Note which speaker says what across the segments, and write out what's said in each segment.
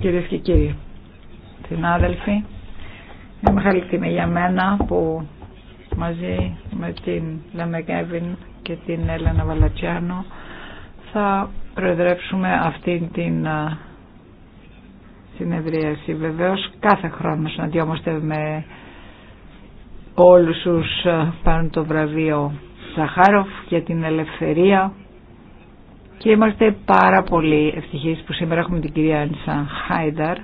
Speaker 1: Κυρίες και κύριοι, συνάδελφοι, είναι μεγάλη τιμή για μένα που μαζί με την Λαμεκέβιν και την Έλενα Βαλατσιάνο θα προεδρεύσουμε αυτήν την ε, συνεδρίαση. Βεβαίως κάθε χρόνο συναντιόμαστε με όλους τους ε, πάνω το βραβείο Σαχάροφ για την ελευθερία και είμαστε πάρα πολύ ευτυχείς που σήμερα έχουμε την κυρία Άνισαν Χάινταρ,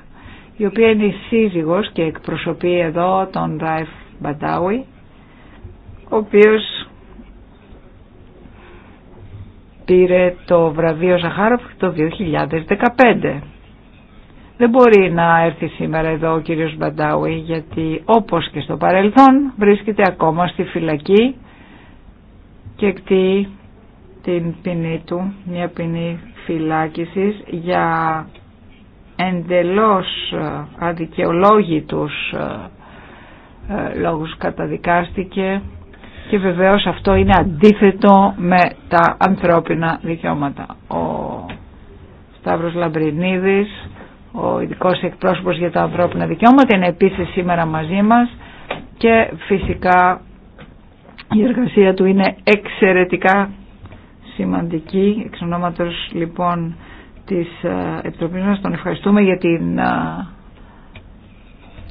Speaker 1: η οποία είναι η σύζυγος και εκπροσωπεί εδώ τον Ράιφ Μπαντάουι, ο οποίος πήρε το βραβείο Ζαχάροφ το 2015. Δεν μπορεί να έρθει σήμερα εδώ ο κύριος Μπαντάουι γιατί όπως και στο παρελθόν βρίσκεται ακόμα στη φυλακή και εκτεί την ποινή του, μια ποινή φυλάκισης για εντελώς ε, αδικαιολόγητους ε, ε, λόγους καταδικάστηκε και βεβαίως αυτό είναι αντίθετο με τα ανθρώπινα δικαιώματα. Ο Σταύρος Λαμπρινίδης, ο ειδικό εκπρόσωπος για τα ανθρώπινα δικαιώματα, είναι επίσης σήμερα μαζί μας και φυσικά η εργασία του είναι εξαιρετικά σημαντική. Εξ ονόματος λοιπόν της ε, Επιτροπής μας τον ευχαριστούμε για την ε,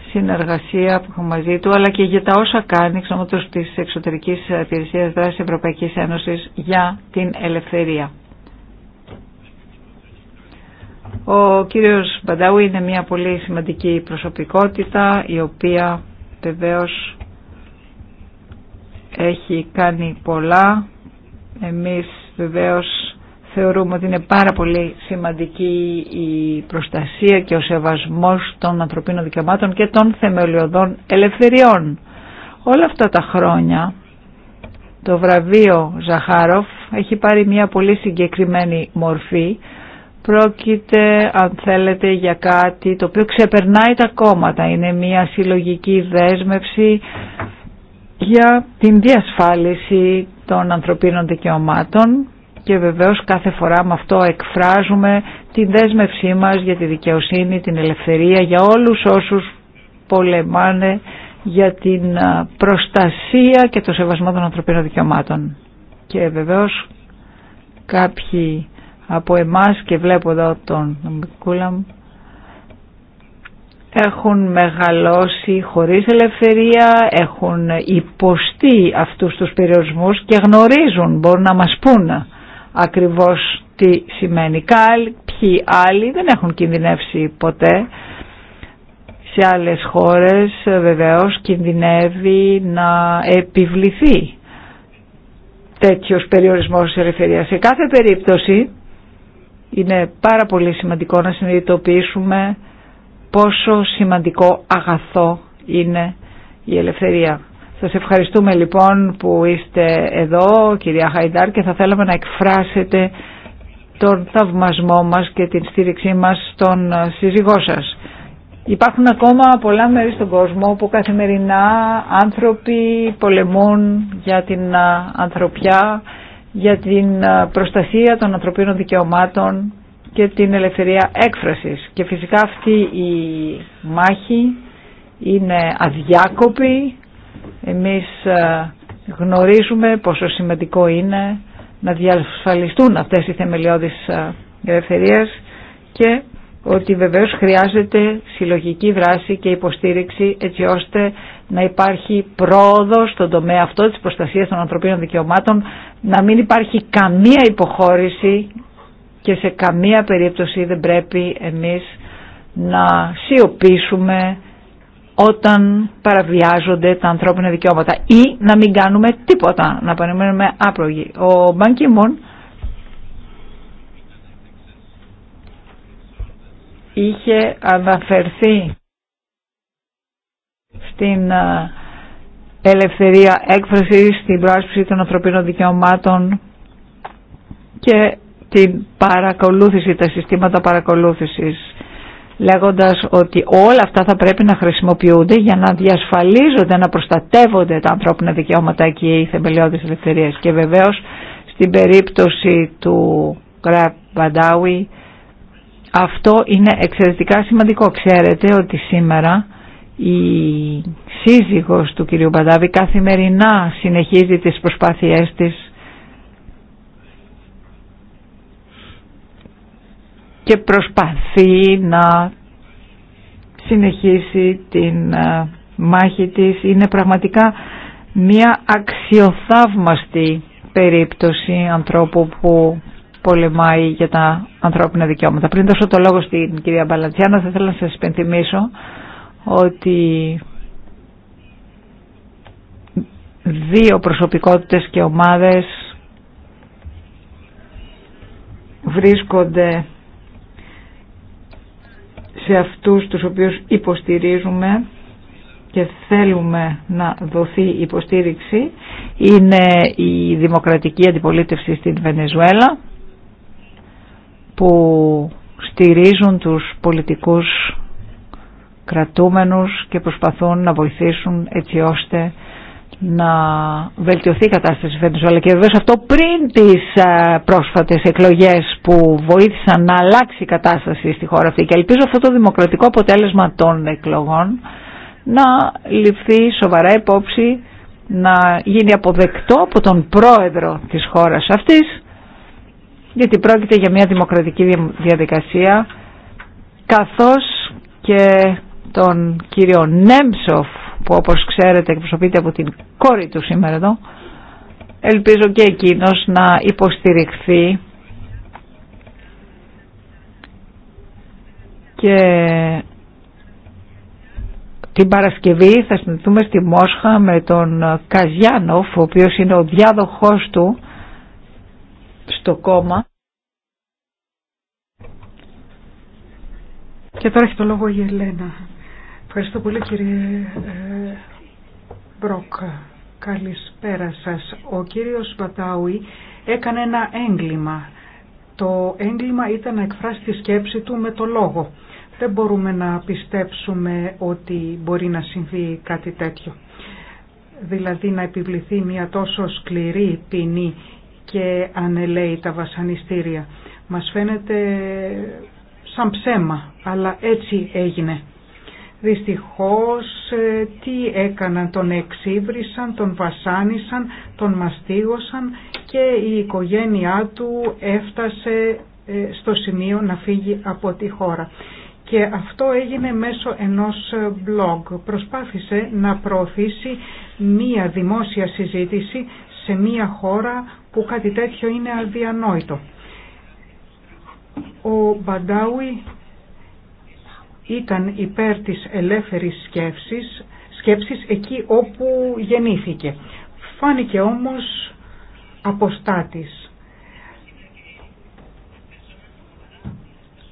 Speaker 1: συνεργασία που έχουμε μαζί του αλλά και για τα όσα κάνει εξ ονόματος της Εξωτερικής Υπηρεσίας Δράσης Ευρωπαϊκής Ένωσης για την ελευθερία. Ο κύριος Μπαντάου είναι μια πολύ σημαντική προσωπικότητα η οποία βεβαίως έχει κάνει πολλά. Εμείς Βεβαίως θεωρούμε ότι είναι πάρα πολύ σημαντική η προστασία και ο σεβασμός των ανθρωπίνων δικαιωμάτων και των θεμελιωδών ελευθεριών. Όλα αυτά τα χρόνια το βραβείο Ζαχάροφ έχει πάρει μια πολύ συγκεκριμένη μορφή. Πρόκειται, αν θέλετε, για κάτι το οποίο ξεπερνάει τα κόμματα. Είναι μια συλλογική δέσμευση για την διασφάλιση των ανθρωπίνων δικαιωμάτων και βεβαίως κάθε φορά με αυτό εκφράζουμε την δέσμευσή μας για τη δικαιοσύνη, την ελευθερία, για όλους όσους πολεμάνε για την προστασία και το σεβασμό των ανθρωπίνων δικαιωμάτων. Και βεβαίως κάποιοι από εμάς και βλέπω εδώ τον Μικούλαμ έχουν μεγαλώσει χωρίς ελευθερία, έχουν υποστεί αυτούς τους περιορισμούς και γνωρίζουν, μπορούν να μας πούν ακριβώς τι σημαίνει. ποιοι άλλοι δεν έχουν κινδυνεύσει ποτέ. Σε άλλες χώρες βεβαίως κινδυνεύει να επιβληθεί τέτοιος περιορισμός της ελευθερίας. Σε κάθε περίπτωση είναι πάρα πολύ σημαντικό να συνειδητοποιήσουμε πόσο σημαντικό αγαθό είναι η ελευθερία. Σας ευχαριστούμε λοιπόν που είστε εδώ κυρία Χαϊντάρ και θα θέλαμε να εκφράσετε τον θαυμασμό μας και την στήριξή μας στον σύζυγό σας. Υπάρχουν ακόμα πολλά μέρη στον κόσμο που καθημερινά άνθρωποι πολεμούν για την ε, ανθρωπιά, για την ε, προστασία των ανθρωπίνων δικαιωμάτων και την ελευθερία έκφρασης. Και φυσικά αυτή η μάχη είναι αδιάκοπη. Εμείς ε, γνωρίζουμε πόσο σημαντικό είναι να διασφαλιστούν αυτές οι θεμελιώδεις ε, ελευθερίες και ότι βεβαίως χρειάζεται συλλογική δράση και υποστήριξη έτσι ώστε να υπάρχει πρόοδο στον τομέα αυτό της προστασίας των ανθρωπίνων δικαιωμάτων, να μην υπάρχει καμία υποχώρηση και σε καμία περίπτωση δεν πρέπει εμείς να σιωπήσουμε όταν παραβιάζονται τα ανθρώπινα δικαιώματα ή να μην κάνουμε τίποτα, να παραμένουμε άπλογοι. Ο Μπανκιμών είχε αναφερθεί στην ε, ελευθερία έκφρασης, στην πρόσφυση των ανθρωπίνων δικαιωμάτων και την παρακολούθηση, τα συστήματα παρακολούθησης λέγοντας ότι όλα αυτά θα πρέπει να χρησιμοποιούνται για να διασφαλίζονται, να προστατεύονται τα ανθρώπινα δικαιώματα και οι θεμελιώδεις ελευθερίες. Και βεβαίως στην περίπτωση του Γκραπ αυτό είναι εξαιρετικά σημαντικό. Ξέρετε ότι σήμερα η σύζυγος του κ. Μπαντάβη καθημερινά συνεχίζει τις προσπάθειές της και προσπαθεί να συνεχίσει την ε, μάχη της. Είναι πραγματικά μια αξιοθαύμαστη περίπτωση ανθρώπου που πολεμάει για τα ανθρώπινα δικαιώματα. Πριν δώσω το λόγο στην κυρία Μπαλατσιάνα θα ήθελα να σας υπενθυμίσω ότι δύο προσωπικότητες και ομάδες βρίσκονται σε αυτούς τους οποίους υποστηρίζουμε και θέλουμε να δοθεί υποστήριξη είναι η δημοκρατική αντιπολίτευση στην Βενεζουέλα που στηρίζουν τους πολιτικούς κρατούμενους και προσπαθούν να βοηθήσουν έτσι ώστε να βελτιωθεί η κατάσταση Βενεζουέλα και βεβαίως αυτό πριν τις ε, πρόσφατες εκλογές που βοήθησαν να αλλάξει η κατάσταση στη χώρα αυτή και ελπίζω αυτό το δημοκρατικό αποτέλεσμα των εκλογών να ληφθεί σοβαρά υπόψη να γίνει αποδεκτό από τον πρόεδρο της χώρας αυτής γιατί πρόκειται για μια δημοκρατική διαδικασία καθώς και τον κύριο Νέμψοφ που όπως ξέρετε εκπροσωπείται από την κόρη του σήμερα εδώ ελπίζω και εκείνος να υποστηριχθεί και την Παρασκευή θα συνεχίσουμε στη Μόσχα με τον Καζιάνοφ ο οποίος είναι ο διάδοχός του στο κόμμα
Speaker 2: και τώρα έχει το λόγο η Ελένα Ευχαριστώ πολύ κύριε ε, Μπροκ. Καλησπέρα σας. Ο κύριος Μπατάουι έκανε ένα έγκλημα. Το έγκλημα ήταν να εκφράσει τη σκέψη του με το λόγο. Δεν μπορούμε να πιστέψουμε ότι μπορεί να συμβεί κάτι τέτοιο. Δηλαδή να επιβληθεί μια τόσο σκληρή ποινή και ανελαίει τα βασανιστήρια. Μας φαίνεται σαν ψέμα, αλλά έτσι έγινε. Δυστυχώς ε, τι έκαναν, τον εξύβρισαν, τον βασάνισαν, τον μαστίγωσαν και η οικογένειά του έφτασε ε, στο σημείο να φύγει από τη χώρα. Και αυτό έγινε μέσω ενός ε, blog. Προσπάθησε να προωθήσει μία δημόσια συζήτηση σε μία χώρα που κάτι τέτοιο είναι αδιανόητο. Ο Μπαντάουι ήταν υπέρ της ελεύθερης σκέψης, σκέψης εκεί όπου γεννήθηκε. Φάνηκε όμως αποστάτης.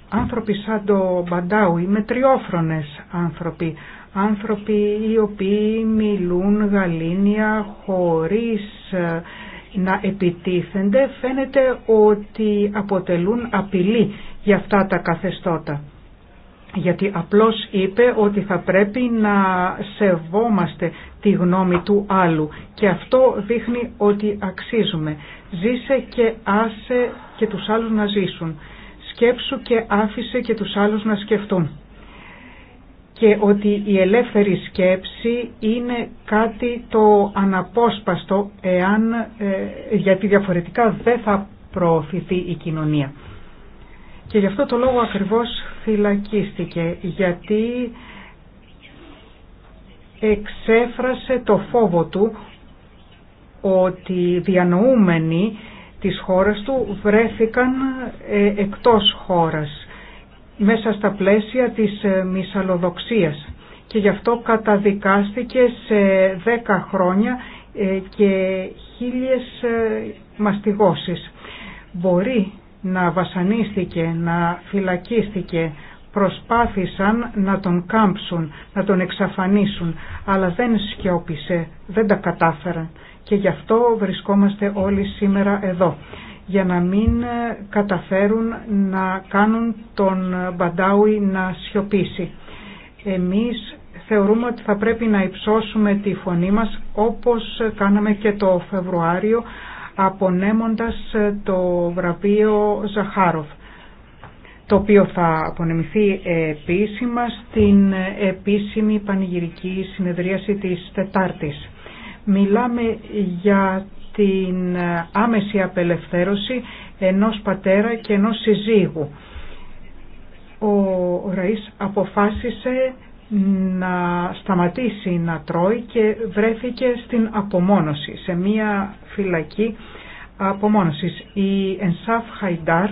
Speaker 2: Άνθρωποι σαν το Μπαντάουι, μετριόφρονες άνθρωποι, άνθρωποι οι οποίοι μιλούν γαλήνια χωρίς ε, να επιτίθενται, φαίνεται ότι αποτελούν απειλή για αυτά τα καθεστώτα γιατί απλώς είπε ότι θα πρέπει να σεβόμαστε τη γνώμη του άλλου και αυτό δείχνει ότι αξίζουμε. Ζήσε και άσε και τους άλλους να ζήσουν. Σκέψου και άφησε και τους άλλους να σκεφτούν. Και ότι η ελεύθερη σκέψη είναι κάτι το αναπόσπαστο εάν, ε, γιατί διαφορετικά δεν θα προωθηθεί η κοινωνία. Και γι' αυτό το λόγο ακριβώς φυλακίστηκε, γιατί εξέφρασε το φόβο του ότι διανοούμενοι της χώρας του βρέθηκαν ε, εκτός χώρας, μέσα στα πλαίσια της ε, μυσαλλοδοξίας. Και γι' αυτό καταδικάστηκε σε δέκα χρόνια ε, και χίλιες μαστιγώσεις. Μπορεί να βασανίστηκε, να φυλακίστηκε, προσπάθησαν να τον κάμψουν, να τον εξαφανίσουν, αλλά δεν σκιώπησε, δεν τα κατάφεραν. Και γι' αυτό βρισκόμαστε όλοι σήμερα εδώ, για να μην ε, καταφέρουν να κάνουν τον Μπαντάουι να σιωπήσει. Εμείς θεωρούμε ότι θα πρέπει να υψώσουμε τη φωνή μας όπως κάναμε και το Φεβρουάριο απονέμοντας ε, το βραβείο Ζαχάροφ το οποίο θα απονεμηθεί επίσημα στην επίσημη πανηγυρική συνεδρίαση της Τετάρτης. Μιλάμε για την άμεση απελευθέρωση ενός πατέρα και ενός συζύγου. Ο Ραΐς αποφάσισε να σταματήσει να τρώει και βρέθηκε στην απομόνωση, σε μία φυλακή απομόνωσης. Η Ενσάφ Χαϊντάρ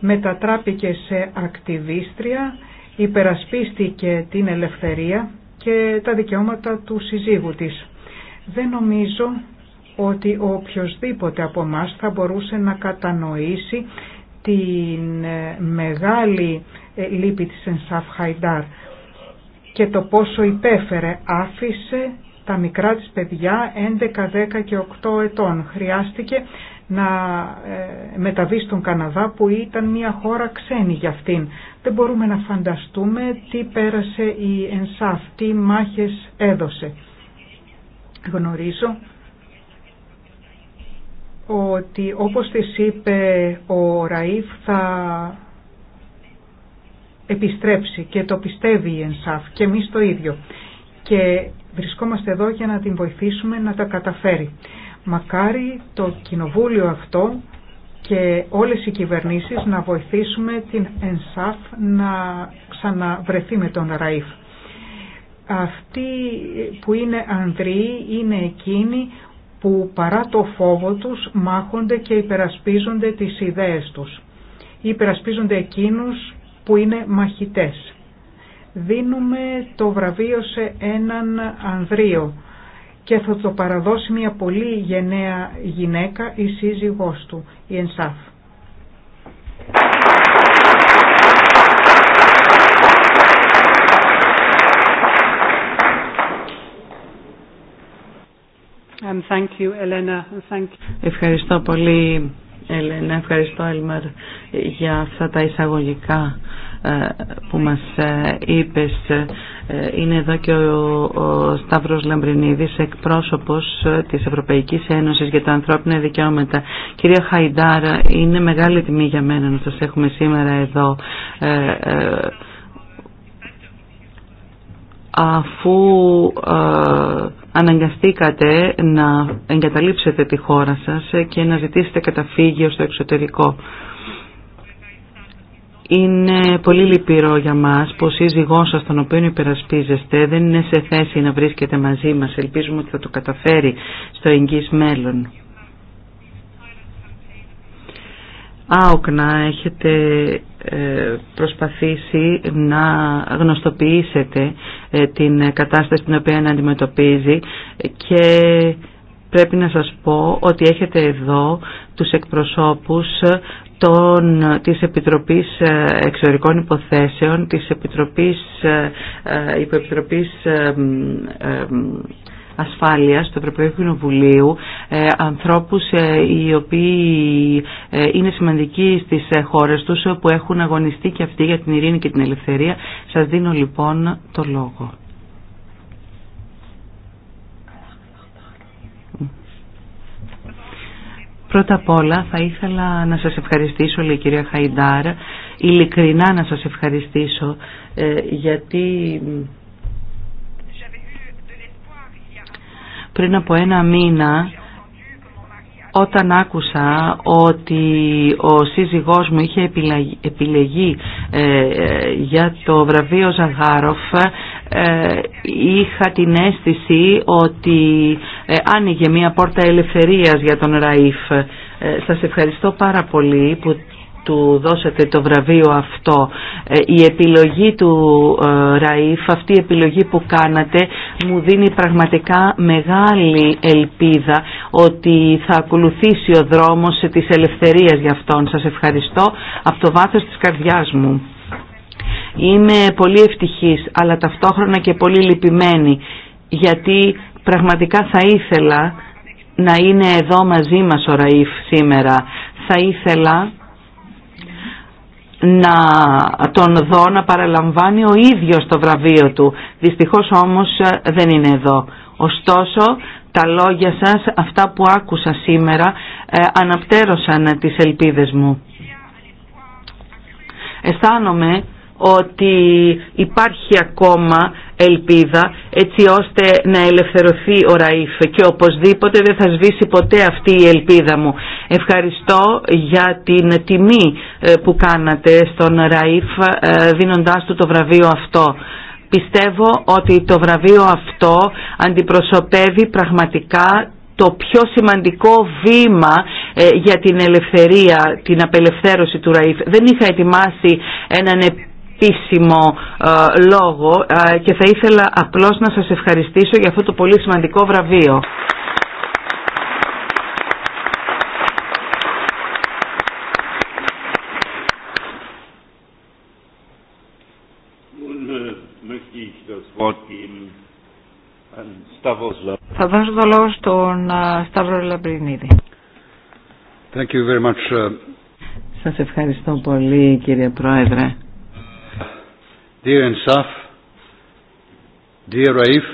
Speaker 2: μετατράπηκε σε ακτιβίστρια, υπερασπίστηκε την ελευθερία και τα δικαιώματα του συζύγου της. Δεν νομίζω ότι οποιοδήποτε από εμά θα μπορούσε να κατανοήσει την ε, μεγάλη ε, λύπη της Ενσάφ Χαϊντάρ και το πόσο υπέφερε. Άφησε τα μικρά της παιδιά 11, 10 και 8 ετών. Χρειάστηκε να ε, μεταβεί στον Καναδά που ήταν μια χώρα ξένη για αυτήν. Δεν μπορούμε να φανταστούμε τι πέρασε η ΕΝΣΑΦ, τι μάχες έδωσε. Γνωρίζω ότι όπως της είπε ο Ραΐφ θα επιστρέψει και το πιστεύει η ΕΝΣΑΦ και εμείς το ίδιο. Και βρισκόμαστε εδώ για να την βοηθήσουμε να τα καταφέρει. Μακάρι το κοινοβούλιο αυτό και όλες οι κυβερνήσεις να βοηθήσουμε την ΕΝΣΑΦ να ξαναβρεθεί με τον ΡΑΙΦ. Αυτοί που είναι ανδροί είναι εκείνοι που παρά το φόβο τους μάχονται και υπερασπίζονται τις ιδέες τους. Υπερασπίζονται εκείνους που είναι μαχητές. Δίνουμε το βραβείο σε έναν ανδρείο και θα το παραδώσει μια πολύ γενναία γυναίκα, η σύζυγός του, η Ενσάφ.
Speaker 3: thank you, Elena. Thank you.
Speaker 4: Ευχαριστώ πολύ, Ελένα. Ευχαριστώ, Έλμαρ, για αυτά τα εισαγωγικά ε, που μας ε, είπες ε, είναι εδώ και ο, Σταύρος Λαμπρινίδης εκπρόσωπος της Ευρωπαϊκής Ένωσης για τα ανθρώπινα δικαιώματα κυρία Χαϊντάρα είναι μεγάλη τιμή για μένα να σας έχουμε σήμερα εδώ αφού αναγκαστήκατε να εγκαταλείψετε τη χώρα σας και να ζητήσετε καταφύγιο στο εξωτερικό είναι πολύ λυπηρό για μας που ο σύζυγός σας τον οποίο υπερασπίζεστε δεν είναι σε θέση να βρίσκεται μαζί μας. Ελπίζουμε ότι θα το καταφέρει στο εγγύς μέλλον. Άοκνα έχετε ε, προσπαθήσει να γνωστοποιήσετε ε, την κατάσταση την οποία αντιμετωπίζει και πρέπει να σας πω ότι έχετε εδώ τους εκπροσώπους των, της Επιτροπής ε, Εξωτερικών Υποθέσεων, της Επιτροπής, ε, ε, Υποεπιτροπής Ασφάλειας του Ευρωπαϊκού Κοινοβουλίου, ανθρώπους οι οποίοι είναι σημαντικοί στις χώρες τους που έχουν αγωνιστεί και αυτοί για την ειρήνη και την ελευθερία. Σας δίνω λοιπόν το λόγο. Πρώτα απ' όλα θα ήθελα να σας ευχαριστήσω, λέει η κυρία Χαϊντάρ, ειλικρινά να σας ευχαριστήσω, ε, γιατί πριν από ένα μήνα όταν άκουσα ότι ο σύζυγός μου είχε επιλεγεί ε, ε, για το βραβείο Ζαγάροφ ε, είχα την αίσθηση ότι ε, άνοιγε μια πόρτα ελευθερίας για τον Ραΐφ. Ε, σας ευχαριστώ πάρα πολύ που του δώσατε το βραβείο αυτό. Η επιλογή του Ραΐφ, αυτή η επιλογή που κάνατε μου δίνει πραγματικά μεγάλη ελπίδα ότι θα ακολουθήσει ο δρόμος της ελευθερίας για αυτόν. Σας ευχαριστώ από το βάθος της καρδιάς μου. Είμαι πολύ ευτυχής αλλά ταυτόχρονα και πολύ λυπημένη γιατί πραγματικά θα ήθελα να είναι εδώ μαζί μας ο Ραΐφ σήμερα. Θα ήθελα να τον δω να παραλαμβάνει ο ίδιος το βραβείο του. Δυστυχώς όμως ε, δεν είναι εδώ. Ωστόσο τα λόγια σας, αυτά που άκουσα σήμερα, ε, αναπτέρωσαν τις ελπίδες μου. Αισθάνομαι ότι υπάρχει ακόμα ελπίδα έτσι ώστε να ελευθερωθεί ο Ραΐφ και οπωσδήποτε δεν θα σβήσει ποτέ αυτή η ελπίδα μου. Ευχαριστώ για την τιμή ε, που κάνατε στον Ραΐφ ε, δίνοντάς του το βραβείο αυτό. Πιστεύω ότι το βραβείο αυτό αντιπροσωπεύει πραγματικά το πιο σημαντικό βήμα ε, για την ελευθερία, την απελευθέρωση του Ραΐφ. Δεν είχα ετοιμάσει έναν επίσημο ε, λόγο ε, και θα ήθελα απλώς να σας ευχαριστήσω για αυτό το πολύ σημαντικό βραβείο.
Speaker 3: Äh,
Speaker 1: θα δώσω το λόγο στον ε, Σταύρο Λαμπρινίδη.
Speaker 3: Thank you very much.
Speaker 4: Σας ευχαριστώ πολύ κύριε Πρόεδρε.
Speaker 3: Dear Insaf, dear Raif.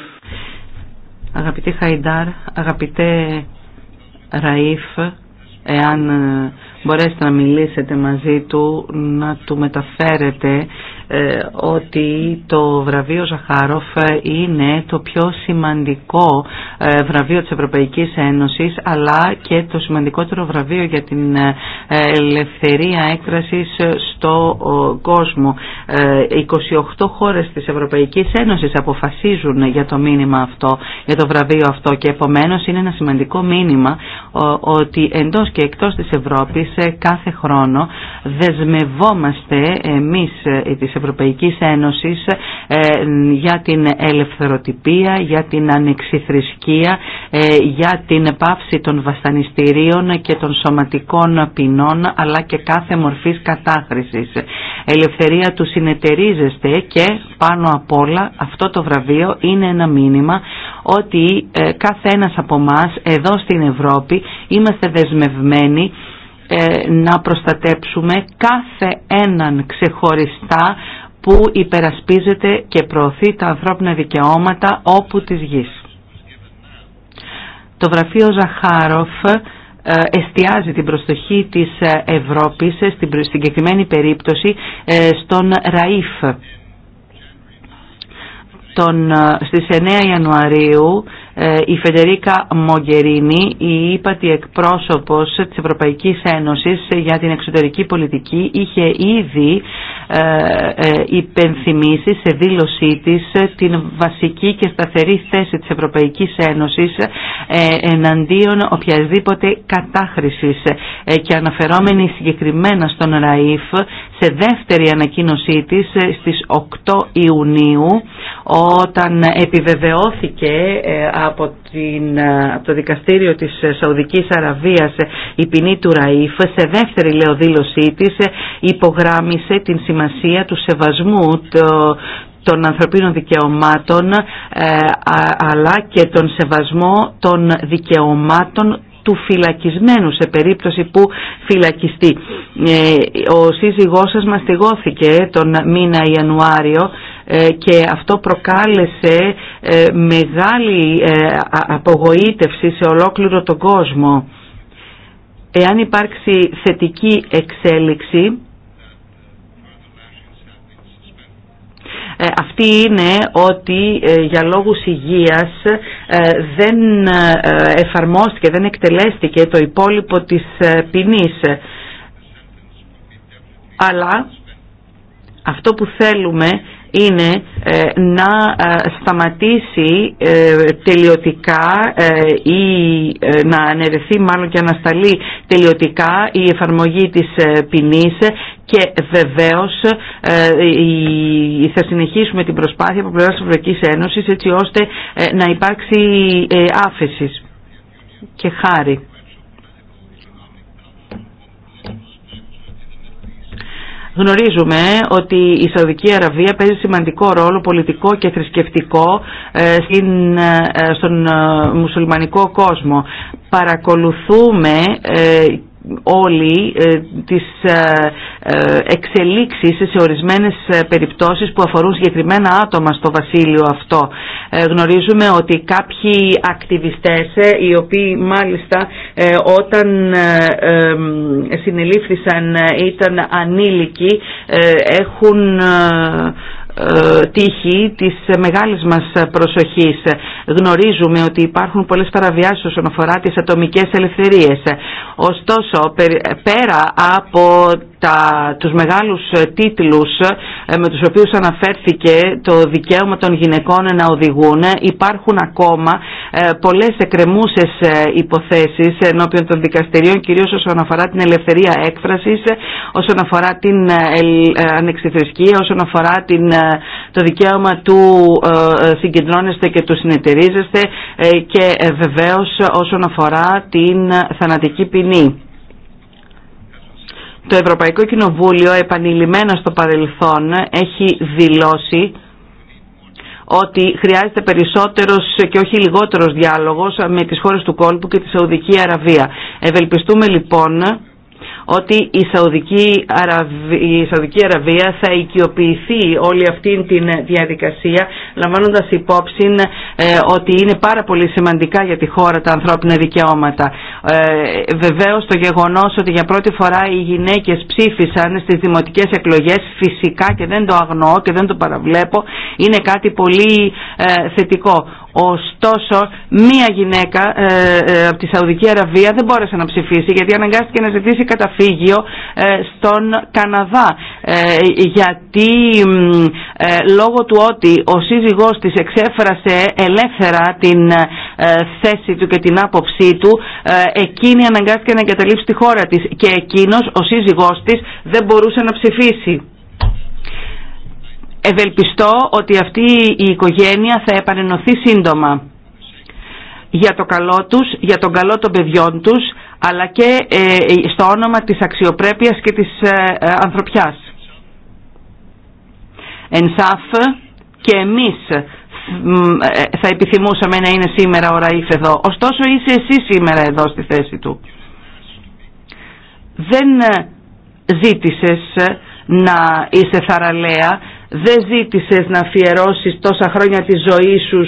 Speaker 4: Αγαπητέ Χαϊντάρ, αγαπητέ Ραΐφ, εάν ε, μπορέσετε να μιλήσετε μαζί του, να του μεταφέρετε ε, ότι το βραβείο Ζαχάροφ είναι το πιο σημαντικό ε, βραβείο της Ευρωπαϊκής Ένωσης αλλά και το σημαντικότερο βραβείο για την ε, ελευθερία έκφρασης στο κόσμο. 28 χώρες της Ευρωπαϊκής Ένωσης αποφασίζουν για το μήνυμα αυτό, για το βραβείο αυτό και επομένως είναι ένα σημαντικό μήνυμα ότι εντός και εκτός της Ευρώπης κάθε χρόνο δεσμευόμαστε εμείς της Ευρωπαϊκής Ένωσης ε, για την ελευθεροτυπία, για την ανεξιθρησκεία, ε, για την επάυση των βασανιστήριων και των σωματικών ποινών αλλά και κάθε μορφής κατάχρησης. Ελευθερία του συνεταιρίζεστε και πάνω απ' όλα αυτό το βραβείο είναι ένα μήνυμα ότι ε, κάθε ένας από μας εδώ στην Ευρώπη είμαστε δεσμευμένοι ε, να προστατέψουμε κάθε έναν ξεχωριστά που υπερασπίζεται και προωθεί τα ανθρώπινα δικαιώματα όπου της γης. Το γραφείο Ζαχάροφ ε, εστιάζει την προστοχή της ε, Ευρώπης στην συγκεκριμένη περίπτωση στον Ραΐφ τον, ε, στις 9 Ιανουαρίου ε, η Φεντερίκα Μογκερίνη, η ύπατη εκπρόσωπος της Ευρωπαϊκής Ένωσης για την εξωτερική πολιτική, είχε ήδη ε, υπενθυμίσει σε δήλωσή της την βασική και σταθερή θέση της Ευρωπαϊκής Ένωσης εναντίον οποιασδήποτε κατάχρησης και αναφερόμενη συγκεκριμένα στον ΡΑΙΦ σε δεύτερη ανακοίνωσή της ε, στις 8 Ιουνίου όταν επιβεβαιώθηκε ε, από, την, ε, το δικαστήριο της Σαουδικής Αραβίας η ποινή του Ραΐφ σε δεύτερη λέω δήλωσή της υπογράμμισε την σημασία του σεβασμού των ανθρωπίνων δικαιωμάτων αλλά και τον σεβασμό των δικαιωμάτων του φυλακισμένου σε περίπτωση που φυλακιστεί. Ε, ο σύζυγός σας μαστιγώθηκε τον μήνα Ιανουάριο ε, και αυτό προκάλεσε ε, μεγάλη απογοήτευση σε ολόκληρο τον κόσμο. Εάν υπάρξει θετική εξέλιξη Ε, αυτή είναι ότι ε, για λόγους υγείας ε, δεν εφαρμόστηκε, δεν εκτελέστηκε το υπόλοιπο της ποινής. Αλλά αυτό που θέλουμε είναι ε, να ε, σταματήσει ε, τελειωτικά ή να αναιρεθεί μάλλον και ανασταλεί τελειωτικά η εφαρμογή της ποινής και βεβαίως θα συνεχίσουμε την προσπάθεια από πλευρά της Ευρωπαϊκής Ένωσης έτσι ώστε να υπάρξει άφεση και σταλεί τελειωτικα η εφαρμογη της ποινης και βεβαιως θα συνεχισουμε την προσπαθεια απο πλευρα της ευρωπαικης ενωσης ετσι ωστε να υπαρξει αφεση και χαρη Γνωρίζουμε ότι η Σαουδική Αραβία παίζει σημαντικό ρόλο πολιτικό και θρησκευτικό ε, ε, στον ε, μουσουλμανικό κόσμο. Παρακολουθούμε όλοι ε, τις ε, ε, εξελίξεις σε ορισμένες περιπτώσεις που αφορούν συγκεκριμένα άτομα στο βασίλειο αυτό. Γνωρίζουμε ότι κάποιοι ακτιβιστές οι οποίοι μάλιστα όταν συνελήφθησαν ήταν ανήλικοι έχουν ε, τύχη της μεγάλης μας προσοχής. Γνωρίζουμε ότι υπάρχουν πολλές παραβιάσεις όσον αφορά τις ατομικές ελευθερίες. Ωστόσο, πέρα από τα, τους μεγάλους ε, τίτλους ε, με τους οποίους αναφέρθηκε το δικαίωμα των γυναικών να οδηγούν υπάρχουν ακόμα ε, πολλές εκκρεμούσες υποθέσεις ενώπιον των δικαστηρίων κυρίως όσον αφορά την ελευθερία έκφρασης, όσον αφορά την ανεξιθρησκεία, όσον αφορά την, το δικαίωμα του συγκεντρώνεστε και του συνεταιρίζεστε και βεβαίως όσον αφορά την θανατική ποινή. Το Ευρωπαϊκό Κοινοβούλιο επανειλημμένα στο παρελθόν έχει δηλώσει ότι χρειάζεται περισσότερος και όχι λιγότερος διάλογος με τις χώρες του κόλπου και τη Σαουδική Αραβία. Ευελπιστούμε λοιπόν ότι η Σαουδική, Αραβία, η Σαουδική Αραβία θα οικειοποιηθεί όλη αυτή τη διαδικασία λαμβάνοντας υπόψη ε, ότι είναι πάρα πολύ σημαντικά για τη χώρα τα ανθρώπινα δικαιώματα. Ε, βεβαίως το γεγονός ότι για πρώτη φορά οι γυναίκες ψήφισαν στις δημοτικές εκλογές φυσικά και δεν το αγνοώ και δεν το παραβλέπω είναι κάτι πολύ ε, θετικό. Ωστόσο, μία γυναίκα ε, ε, από τη Σαουδική Αραβία δεν μπόρεσε να ψηφίσει γιατί αναγκάστηκε να ζητήσει καταφύγιο ε, στον Καναδά. Γιατί λόγω του ότι ο σύζυγός της εξέφρασε ελεύθερα την θέση του και την άποψή του, εκείνη αναγκάστηκε να εγκαταλείψει τη χώρα της και εκείνος, ο σύζυγός της, δεν μπορούσε να ψηφίσει ευελπιστώ ότι αυτή η οικογένεια θα επανενωθεί σύντομα για το καλό τους, για τον καλό των παιδιών τους, αλλά και ε, στο όνομα της αξιοπρέπειας και της ε, ε, ανθρωπιάς. Εν σάφ, και εμείς θα επιθυμούσαμε να είναι σήμερα ο Ραΐφ εδώ. Ωστόσο είσαι εσύ σήμερα εδώ στη θέση του. Δεν ζήτησες να είσαι θαραλέα, δεν ζήτησες να αφιερώσεις τόσα χρόνια της ζωής σου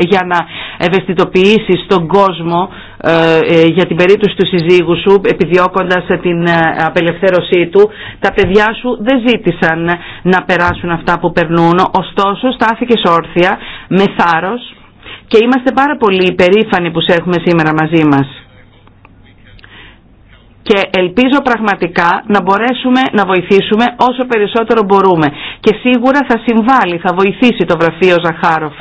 Speaker 4: για να ευαισθητοποιήσεις τον κόσμο ε, ε, για την περίπτωση του συζύγου σου επιδιώκοντας την ε, απελευθέρωσή του τα παιδιά σου δεν ζήτησαν να περάσουν αυτά που περνούν ωστόσο στάθηκες όρθια με θάρρος και είμαστε πάρα πολύ υπερήφανοι που σε έχουμε σήμερα μαζί μας και ελπίζω πραγματικά να μπορέσουμε να βοηθήσουμε όσο περισσότερο μπορούμε. Και σίγουρα θα συμβάλλει, θα βοηθήσει το βραφείο Ζαχάροφ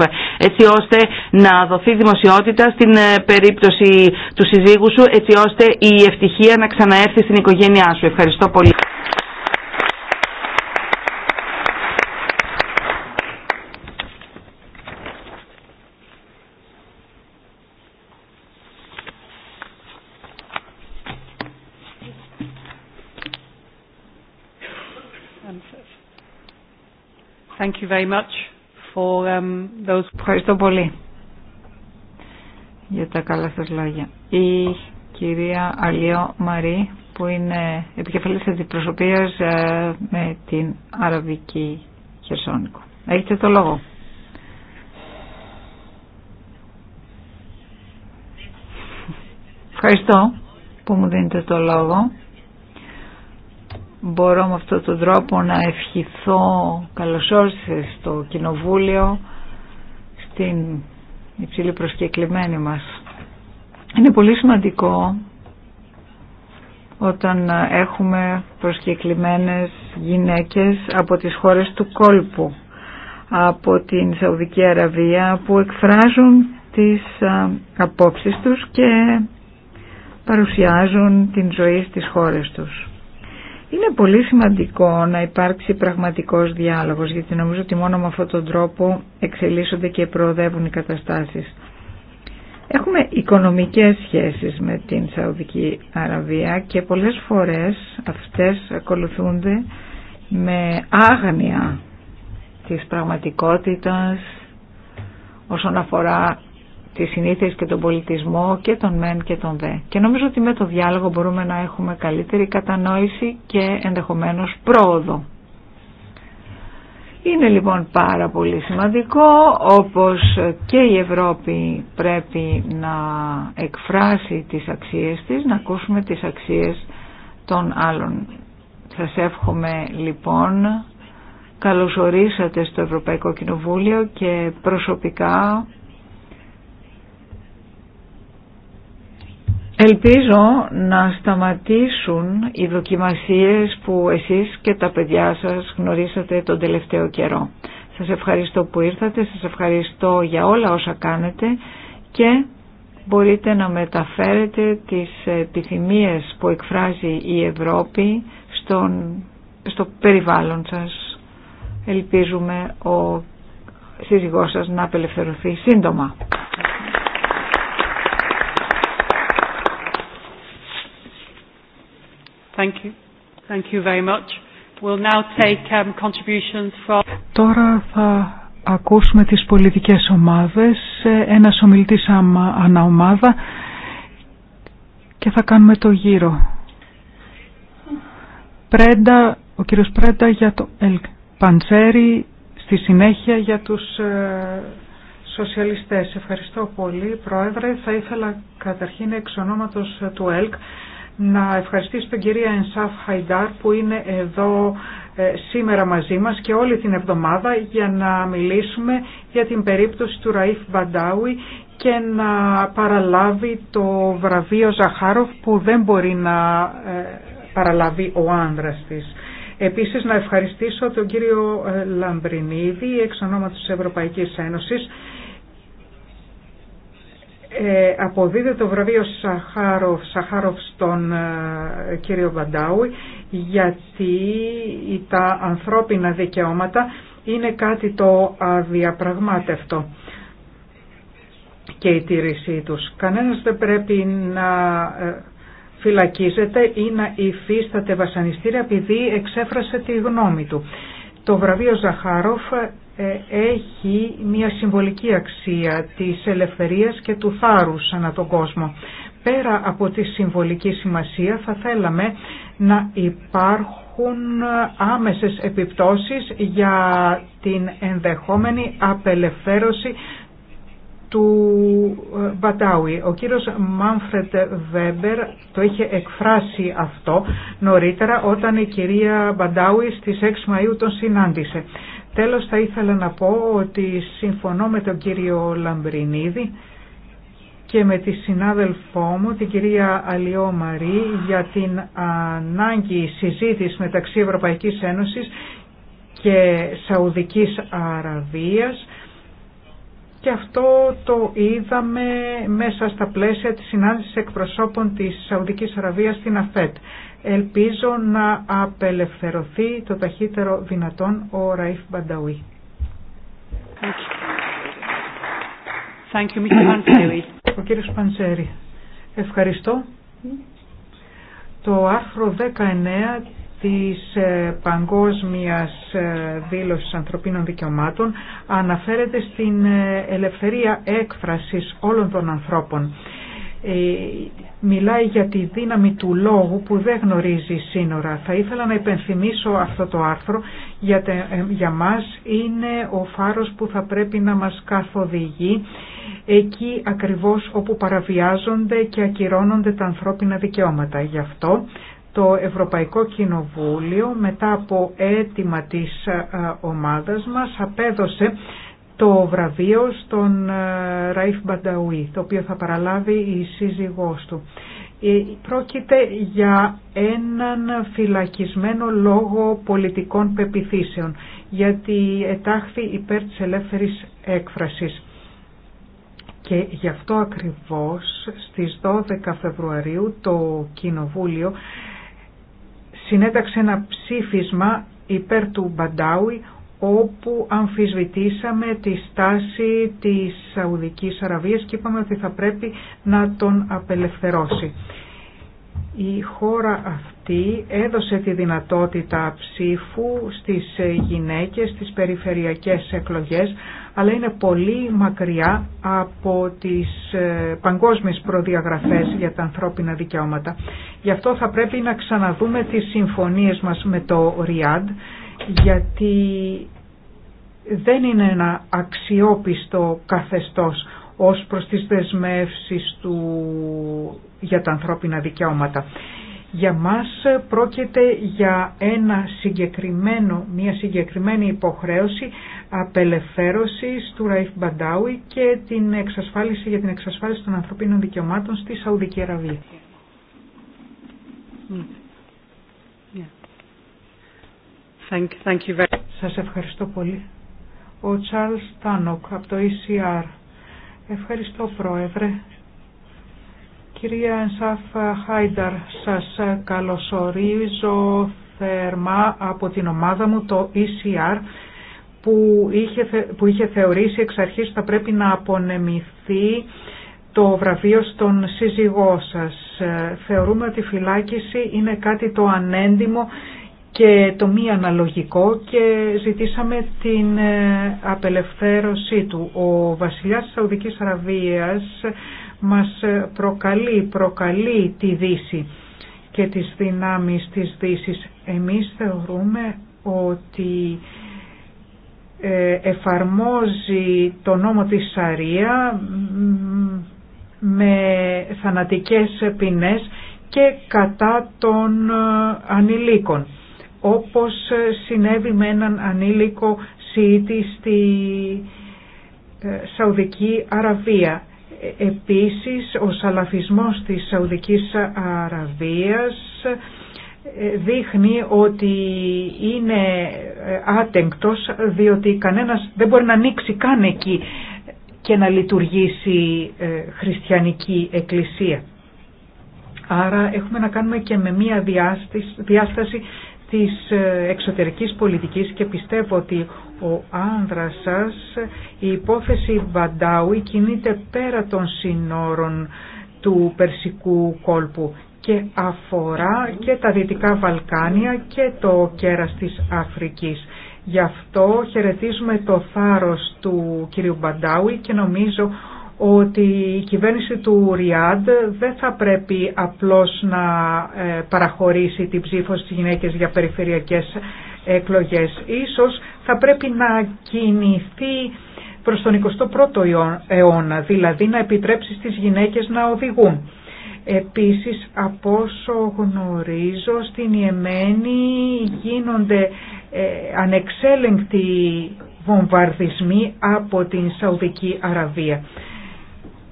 Speaker 4: έτσι ώστε να δοθεί δημοσιότητα στην ε, περίπτωση του συζύγου σου έτσι ώστε η ευτυχία να ξαναέρθει στην οικογένειά σου. Ευχαριστώ πολύ.
Speaker 3: Thank you very much
Speaker 1: for, um, Ευχαριστώ πολύ για τα καλά σας λόγια. Η κυρία Αλίο Μαρή που είναι επικεφαλής της αντιπροσωπείας ε, με την Αραβική Χερσόνικο. Έχετε το λόγο. Ευχαριστώ που μου δίνετε το λόγο μπορώ με αυτόν τον τρόπο να ευχηθώ καλώς στο Κοινοβούλιο στην υψηλή προσκεκλημένη μας. Είναι πολύ σημαντικό όταν έχουμε προσκεκλημένες γυναίκες από τις χώρες του κόλπου, από την Σαουδική Αραβία που εκφράζουν τις απόψεις τους και παρουσιάζουν την ζωή στις χώρες τους. Είναι πολύ σημαντικό να υπάρξει πραγματικός διάλογος γιατί νομίζω ότι μόνο με αυτόν τον τρόπο εξελίσσονται και προοδεύουν οι καταστάσεις. Έχουμε οικονομικές σχέσεις με την Σαουδική Αραβία και πολλές φορές αυτές ακολουθούνται με άγνοια της πραγματικότητας όσον αφορά τι συνήθειε και τον πολιτισμό και τον μεν και τον δε. Και νομίζω ότι με το διάλογο μπορούμε να έχουμε καλύτερη κατανόηση και ενδεχομένως πρόοδο. Είναι λοιπόν πάρα πολύ σημαντικό όπως και η Ευρώπη πρέπει να εκφράσει τις αξίες της, να ακούσουμε τις αξίες των άλλων. Σας εύχομαι λοιπόν καλωσορίσατε στο Ευρωπαϊκό Κοινοβούλιο και προσωπικά Ελπίζω να σταματήσουν οι δοκιμασίες που εσείς και τα παιδιά σας γνωρίσατε τον τελευταίο καιρό. Σας ευχαριστώ που ήρθατε, σας ευχαριστώ για όλα όσα κάνετε και μπορείτε να μεταφέρετε τις επιθυμίες που εκφράζει η Ευρώπη στον, στο περιβάλλον σας. Ελπίζουμε ο σύζυγός σας να απελευθερωθεί σύντομα. Thank
Speaker 2: Τώρα θα ακούσουμε τις πολιτικές ομάδες, ε, ένα ομιλητής αναομάδα και θα κάνουμε το γύρο. Πρέντα, ο κύριος Πρέντα για το ΕΛΚ. Παντσέρι στη συνέχεια για τους ε, σοσιαλιστές. Ευχαριστώ πολύ, Πρόεδρε. Θα ήθελα καταρχήν εξ ονόματος ε, του ΕΛΚ να ευχαριστήσω τον κύριο Ενσάφ Χαϊντάρ που είναι εδώ ε, σήμερα μαζί μας και όλη την εβδομάδα για να μιλήσουμε για την περίπτωση του Ραΐφ Μπαντάουι και να παραλάβει το βραβείο Ζαχάροφ που δεν μπορεί να ε, παραλάβει ο άνδρας της. Επίσης να ευχαριστήσω τον κύριο ε, Λαμπρινίδη εξ ονόματος της Ευρωπαϊκής Ένωσης ε, αποδίδεται το βραβείο Σαχάροφ, Σαχάροφ στον ε, κύριο Βαντάουι γιατί τα ανθρώπινα δικαιώματα είναι κάτι το αδιαπραγμάτευτο και η τήρησή τους. Κανένας δεν πρέπει να ε, φυλακίζεται ή να υφίσταται βασανιστήρια επειδή εξέφρασε τη γνώμη του. Το βραβείο Σαχάροφ... Ε, έχει μια συμβολική αξία της ελευθερίας και του θάρρους ανά τον κόσμο. Πέρα από τη συμβολική σημασία θα θέλαμε να υπάρχουν άμεσες επιπτώσεις για την ενδεχόμενη απελευθέρωση του ε, Μπατάουι. Ο κύριος Μάνφρετ Βέμπερ το είχε εκφράσει αυτό νωρίτερα όταν η κυρία Μπατάουι στις 6 Μαΐου τον συνάντησε. Τέλος θα ήθελα να πω ότι συμφωνώ με τον κύριο Λαμπρινίδη και με τη συνάδελφό μου, την κυρία Αλιό Μαρή, για την ανάγκη συζήτησης μεταξύ Ευρωπαϊκής Ένωσης και Σαουδικής Αραβίας και αυτό το είδαμε μέσα στα πλαίσια της συνάντησης εκπροσώπων της Σαουδικής Αραβίας στην ΑΦΕΤ. Ελπίζω να απελευθερωθεί το ταχύτερο δυνατόν ο Ραϊφ Μπανταουή. Ο κύριο Παντσέρη. Ευχαριστώ. Το άρθρο 19 της ε, Παγκόσμιας ε, Δήλωσης Ανθρωπίνων Δικαιωμάτων αναφέρεται στην ε, ελευθερία έκφρασης όλων των ανθρώπων μιλάει για τη δύναμη του λόγου που δεν γνωρίζει σύνορα. Θα ήθελα να υπενθυμίσω αυτό το άρθρο, γιατί ε, για μας είναι ο φάρος που θα πρέπει να μας καθοδηγεί εκεί ακριβώς όπου παραβιάζονται και ακυρώνονται τα ανθρώπινα δικαιώματα. Γι' αυτό το Ευρωπαϊκό Κοινοβούλιο μετά από αίτημα της ε, ε, ομάδας μας απέδωσε το βραβείο στον ε, Ραϊφ Μπανταουή, το οποίο θα παραλάβει η σύζυγός του. Ε, πρόκειται για έναν φυλακισμένο λόγο πολιτικών πεπιθήσεων, γιατί ετάχθη υπέρ της ελεύθερης έκφρασης. Και γι' αυτό ακριβώς στις 12 Φεβρουαρίου το Κοινοβούλιο συνέταξε ένα ψήφισμα υπέρ του Μπαντάουι όπου αμφισβητήσαμε τη στάση της Σαουδικής Αραβίας και είπαμε ότι θα πρέπει να τον απελευθερώσει. Η χώρα αυτή έδωσε τη δυνατότητα ψήφου στις γυναίκες, στις περιφερειακές εκλογές, αλλά είναι πολύ μακριά από τις ε, παγκόσμιες προδιαγραφές για τα ανθρώπινα δικαιώματα. Γι' αυτό θα πρέπει να ξαναδούμε τις συμφωνίες μας με το Ριάντ, γιατί δεν είναι ένα αξιόπιστο καθεστώς ως προς τις δεσμεύσεις του για τα ανθρώπινα δικαιώματα. Για μας πρόκειται για ένα συγκεκριμένο, μια συγκεκριμένη υποχρέωση απελευθέρωσης του Ραϊφ Μπαντάουι και την εξασφάλιση για την εξασφάλιση των ανθρωπίνων δικαιωμάτων στη Σαουδική Αραβία. Thank, thank you very... Σας ευχαριστώ πολύ. Ο Charles Τάνοκ από το ECR. Ευχαριστώ Πρόεδρε. Κυρία Ενσάφ Χάινταρ, σας καλωσορίζω θερμά από την ομάδα μου το ECR που είχε, που είχε θεωρήσει εξ αρχής θα πρέπει να απονεμηθεί το βραβείο στον σύζυγό σας. Θεωρούμε ότι η φυλάκιση είναι κάτι το ανέντιμο και το μη αναλογικό και ζητήσαμε την ε, απελευθέρωσή του. Ο βασιλιάς της Σαουδικής Αραβίας μας ε, προκαλεί, προκαλεί τη Δύση και τις δυνάμεις της δύση. Εμείς θεωρούμε ότι ε, εφαρμόζει το νόμο της Σαρία με θανατικές ποινές και κατά των ανηλίκων όπως συνέβη με έναν ανήλικο Σιήτη στη ε, Σαουδική Αραβία. Ε, επίσης, ο σαλαφισμός της Σαουδικής Αραβίας ε, δείχνει ότι είναι άτεγκτος διότι κανένας δεν μπορεί να ανοίξει καν εκεί και να λειτουργήσει χριστιανική εκκλησία. Άρα έχουμε να κάνουμε και με μία διάσταση της ε, εξωτερικής πολιτικής και πιστεύω ότι ο άνδρας σας, η υπόθεση Μπαντάουι κινείται πέρα των συνόρων του Περσικού κόλπου και αφορά και τα Δυτικά Βαλκάνια και το κέρας της Αφρικής. Γι' αυτό χαιρετίζουμε το θάρρος του κυρίου Μπαντάουι και νομίζω ότι η κυβέρνηση του Ριάντ δεν θα πρέπει απλώς να ε, παραχωρήσει την ψήφο στις γυναίκες για περιφερειακές εκλογές. Ίσως θα πρέπει να κινηθεί προς τον 21ο αιώνα, δηλαδή να επιτρέψει στις γυναίκες να οδηγούν. Επίσης, από όσο γνωρίζω, στην Ιεμένη γίνονται ε, ανεξέλεγκτοι βομβαρδισμοί από την Σαουδική Αραβία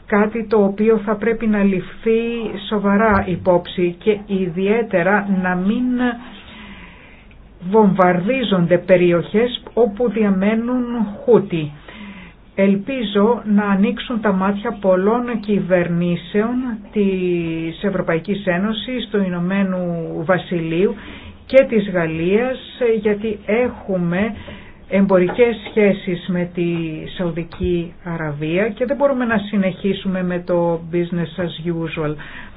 Speaker 2: κάτι το οποίο θα πρέπει να ληφθεί σοβαρά υπόψη και ιδιαίτερα να μην βομβαρδίζονται περιοχές όπου διαμένουν χούτι. Ελπίζω να ανοίξουν τα μάτια πολλών κυβερνήσεων της Ευρωπαϊκής Ένωσης, του Ηνωμένου Βασιλείου και της Γαλλίας γιατί έχουμε εμπορικές σχέσεις με τη Σαουδική Αραβία και δεν μπορούμε να συνεχίσουμε με το business as usual.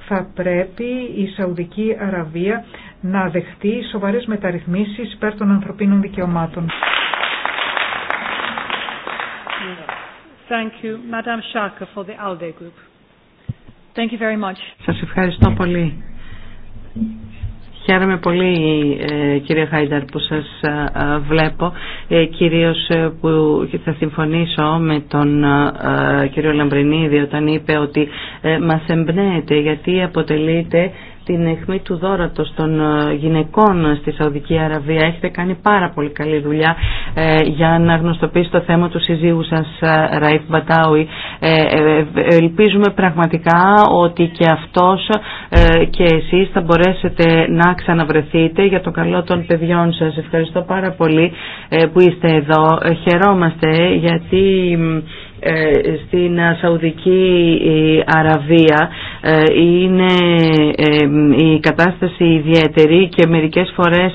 Speaker 2: Θα πρέπει η Σαουδική Αραβία να δεχτεί σοβαρές μεταρρυθμίσεις υπέρ των ανθρωπίνων δικαιωμάτων.
Speaker 3: Thank
Speaker 4: Σας ευχαριστώ πολύ. Χαίρομαι πολύ ε, κύριε Χάινταρ που σας ε, ε, βλέπω, κυρίως που θα συμφωνήσω με τον κύριο Λαμπρινίδη όταν είπε ότι μας εμπνέεται γιατί αποτελείται την αιχμή του δόρατος των γυναικών στη Σαουδική Αραβία. Έχετε κάνει πάρα πολύ καλή δουλειά για να γνωστοποιήσει το θέμα του συζύγου σας Ραϊφ Μπατάουι ε, ε, ελπίζουμε πραγματικά ότι και αυτός ε, και εσείς θα μπορέσετε να ξαναβρεθείτε για το καλό των παιδιών σας. Ευχαριστώ πάρα πολύ που είστε εδώ. Χαιρόμαστε γιατί στην Σαουδική Αραβία είναι η κατάσταση ιδιαίτερη και μερικές φορές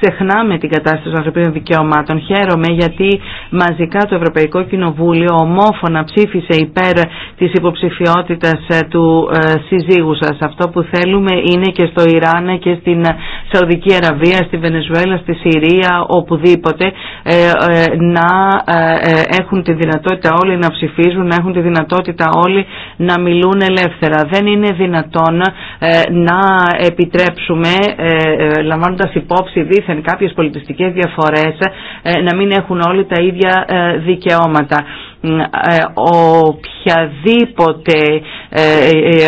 Speaker 4: ξεχνάμε την κατάσταση των ανθρωπίνων δικαιωμάτων. Χαίρομαι γιατί μαζικά το Ευρωπαϊκό Κοινοβούλιο ομόφωνα ψήφισε υπέρ της υποψηφιότητας ε, του ε, συζύγου σας. Αυτό που θέλουμε είναι και στο Ιράν και στην Σαουδική Αραβία, στη Βενεζουέλα, στη Συρία, οπουδήποτε ε, να έχουν τη δυνατότητα όλοι να ψηφίζουν, να έχουν τη δυνατότητα όλοι να μιλούν ελεύθερα. Δεν είναι δυνατόν να επιτρέψουμε, λαμβάνοντας υπόψη υπήρχαν κάποιες πολιτιστικές διαφορές ε, να μην έχουν όλοι τα ίδια ε, δικαιώματα. Ε, οποιαδήποτε,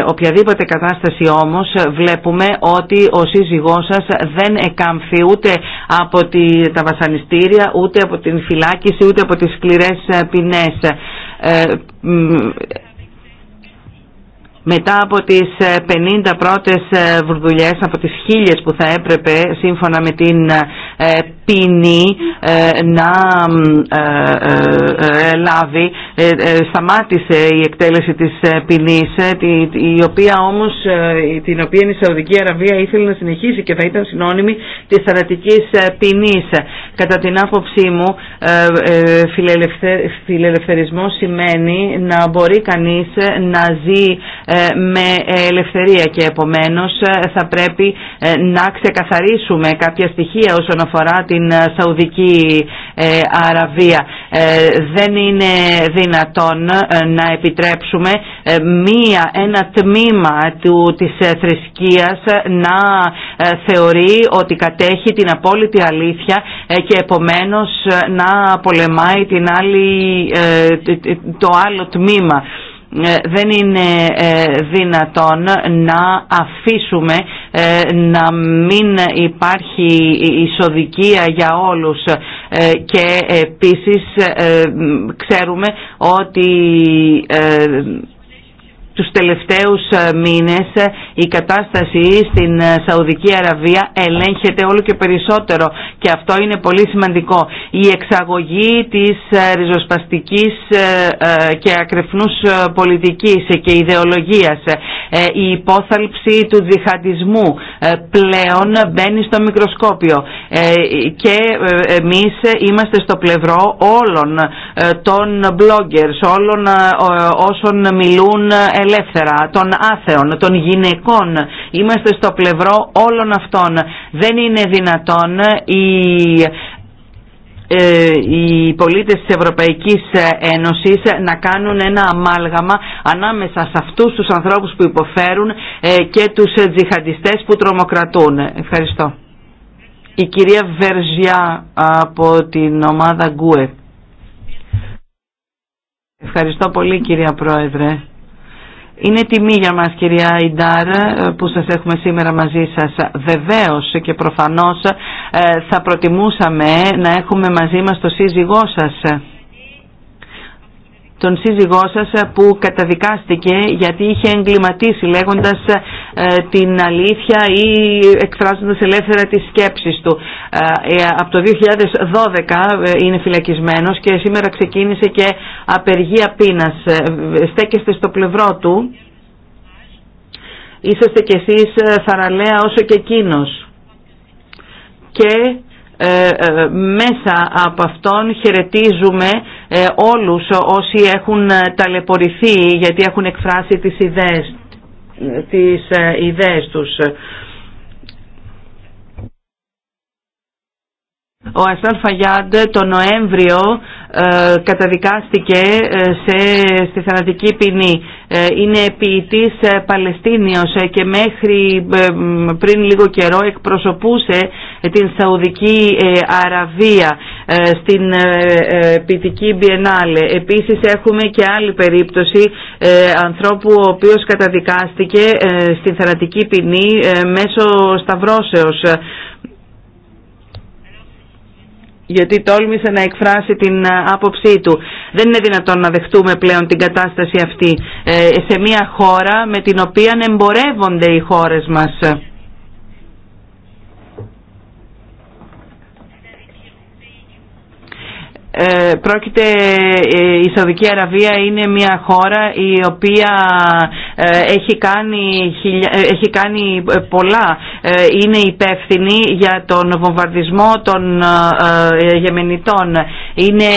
Speaker 4: οποιαδήποτε κατάσταση όμως βλέπουμε ότι ο σύζυγός σας δεν εκάμφει ούτε από τη, τα βασανιστήρια, ούτε από την φυλάκιση, ούτε από τις σκληρές ποινές μετά από τις 50 ε, πρώτες ε, βουρδουλιές, από τις χίλιες που θα έπρεπε σύμφωνα με την ε, ποινή ε, να ε, ε, λάβει. Σταμάτησε η εκτέλεση της ποινής, η οποία όμως, την οποία η Σαουδική Αραβία ήθελε να συνεχίσει και θα ήταν συνώνυμη της θανατικής ποινής. Κατά την άποψή μου, φιλελευθερισμός σημαίνει να μπορεί κανείς να ζει με ελευθερία και επομένως θα πρέπει να ξεκαθαρίσουμε κάποια στοιχεία όσον αφορά την στην ε, Σαουδική ε, Αραβία. Ε, δεν είναι δυνατόν να επιτρέψουμε μία, ένα τμήμα του, της θρησκείας να θεωρεί ότι κατέχει την απόλυτη αλήθεια και επομένως να πολεμάει την άλλη, το άλλο τμήμα. Ε, δεν είναι ε, δυνατόν να αφήσουμε ε, να μην υπάρχει ισοδικία για όλους και επίσης ξέρουμε ότι τους τελευταίους ε, μήνες ε, η κατάσταση στην ε, Σαουδική Αραβία ελέγχεται όλο και περισσότερο και αυτό είναι πολύ σημαντικό. Η εξαγωγή της ριζοσπαστικής και ακρεφνούς πολιτικής και ιδεολογίας, η υπόθαλψη του διχατισμού πλέον μπαίνει στο μικροσκόπιο και εμείς είμαστε στο πλευρό όλων των bloggers, όλων όσων μιλούν ελεύθερα, των άθεων, των γυναικών. Είμαστε στο πλευρό όλων αυτών. Δεν είναι δυνατόν οι ε, οι πολίτες της Ευρωπαϊκής Ένωσης να κάνουν ένα αμάλγαμα ανάμεσα σε αυτούς τους ανθρώπους που υποφέρουν ε, και τους τζιχαντιστές που τρομοκρατούν. Ευχαριστώ. Η κυρία Βερζιά από την ομάδα Γκουε. Ευχαριστώ πολύ κυρία Πρόεδρε. Είναι τιμή για μας κυρία Ιντάρ που σας έχουμε σήμερα μαζί σας. Βεβαίως και προφανώς ε, θα προτιμούσαμε να έχουμε μαζί μας το σύζυγό σας. Τον σύζυγό σας που καταδικάστηκε γιατί είχε εγκληματίσει λέγοντας ε, την αλήθεια ή εκφράζοντας ελεύθερα τις σκέψεις του. Ε, ε, από το 2012 είναι φυλακισμένος και σήμερα ξεκίνησε και απεργία πείνας. Στέκεστε στο πλευρό του. Είσαστε κι εσείς θαραλέα όσο και εκείνος. Και μέσα από αυτόν χαιρετίζουμε ε, όλους όσοι έχουν ταλαιπωρηθεί γιατί έχουν εκφράσει τις ιδέες τις ε, ιδέες τους. Ο Ασάν Φαγιάντ το Νοέμβριο ε, καταδικάστηκε ε, σε, στη θανατική ποινή. Ε, είναι ποιητής ε, Παλαιστίνιος και μέχρι πριν λίγο καιρό εκπροσωπούσε την Σαουδική Αραβία. Ε, στην ε, ε, ποιητική Biennale. Επίσης έχουμε και άλλη περίπτωση ανθρώπου ο οποίος καταδικάστηκε στην θερατική ποινή μέσω σταυρώσεως γιατί τόλμησε να εκφράσει την άποψή του. Δεν είναι δυνατόν να δεχτούμε πλέον την κατάσταση αυτή σε μια χώρα με την οποία εμπορεύονται οι χώρες μας. Ε, πρόκειται ε, η Σαουδική Αραβία είναι μια χώρα η οποία ε, έχει κάνει, πολλά είναι υπεύθυνη για τον βομβαρδισμό των γεμενητών είναι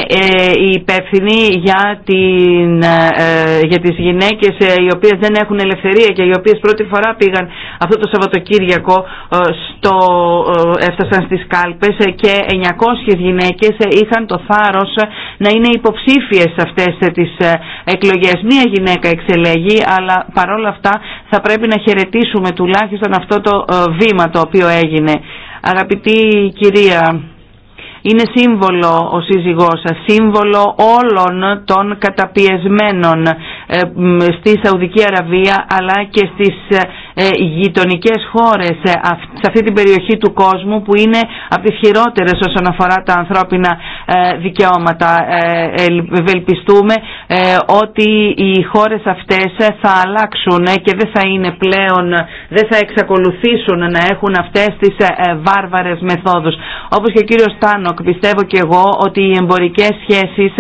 Speaker 4: υπεύθυνη για, την, για τις γυναίκες οι οποίες δεν έχουν ελευθερία και οι οποίες πρώτη φορά πήγαν αυτό το Σαββατοκύριακο στο, έφτασαν στις κάλπες και 900 γυναίκες είχαν το θάρρος να είναι υποψήφιες αυτές τις ε, εκλογές. Μία γυναίκα εξελέγει, αλλά παρόλα αυτά θα πρέπει να χαιρετήσουμε τουλάχιστον αυτό το ε, βήμα το οποίο έγινε. Αγαπητή κυρία, είναι σύμβολο ο σύζυγός σας, σύμβολο όλων των καταπιεσμένων ε, στη Σαουδική Αραβία αλλά και στις ε, γειτονικέ χώρες ε, σε αυτή την περιοχή του κόσμου που είναι από τις χειρότερες όσον αφορά τα ανθρώπινα ε, δικαιώματα. Ευελπιστούμε ότι οι χώρες αυτές θα αλλάξουν και δεν θα είναι πλέον, δεν θα εξακολουθήσουν να έχουν αυτές τις βάρβαρες μεθόδους. Όπως και ο κύριος Τάνοκ πιστεύω και εγώ ότι οι εμπορικές σχέσεις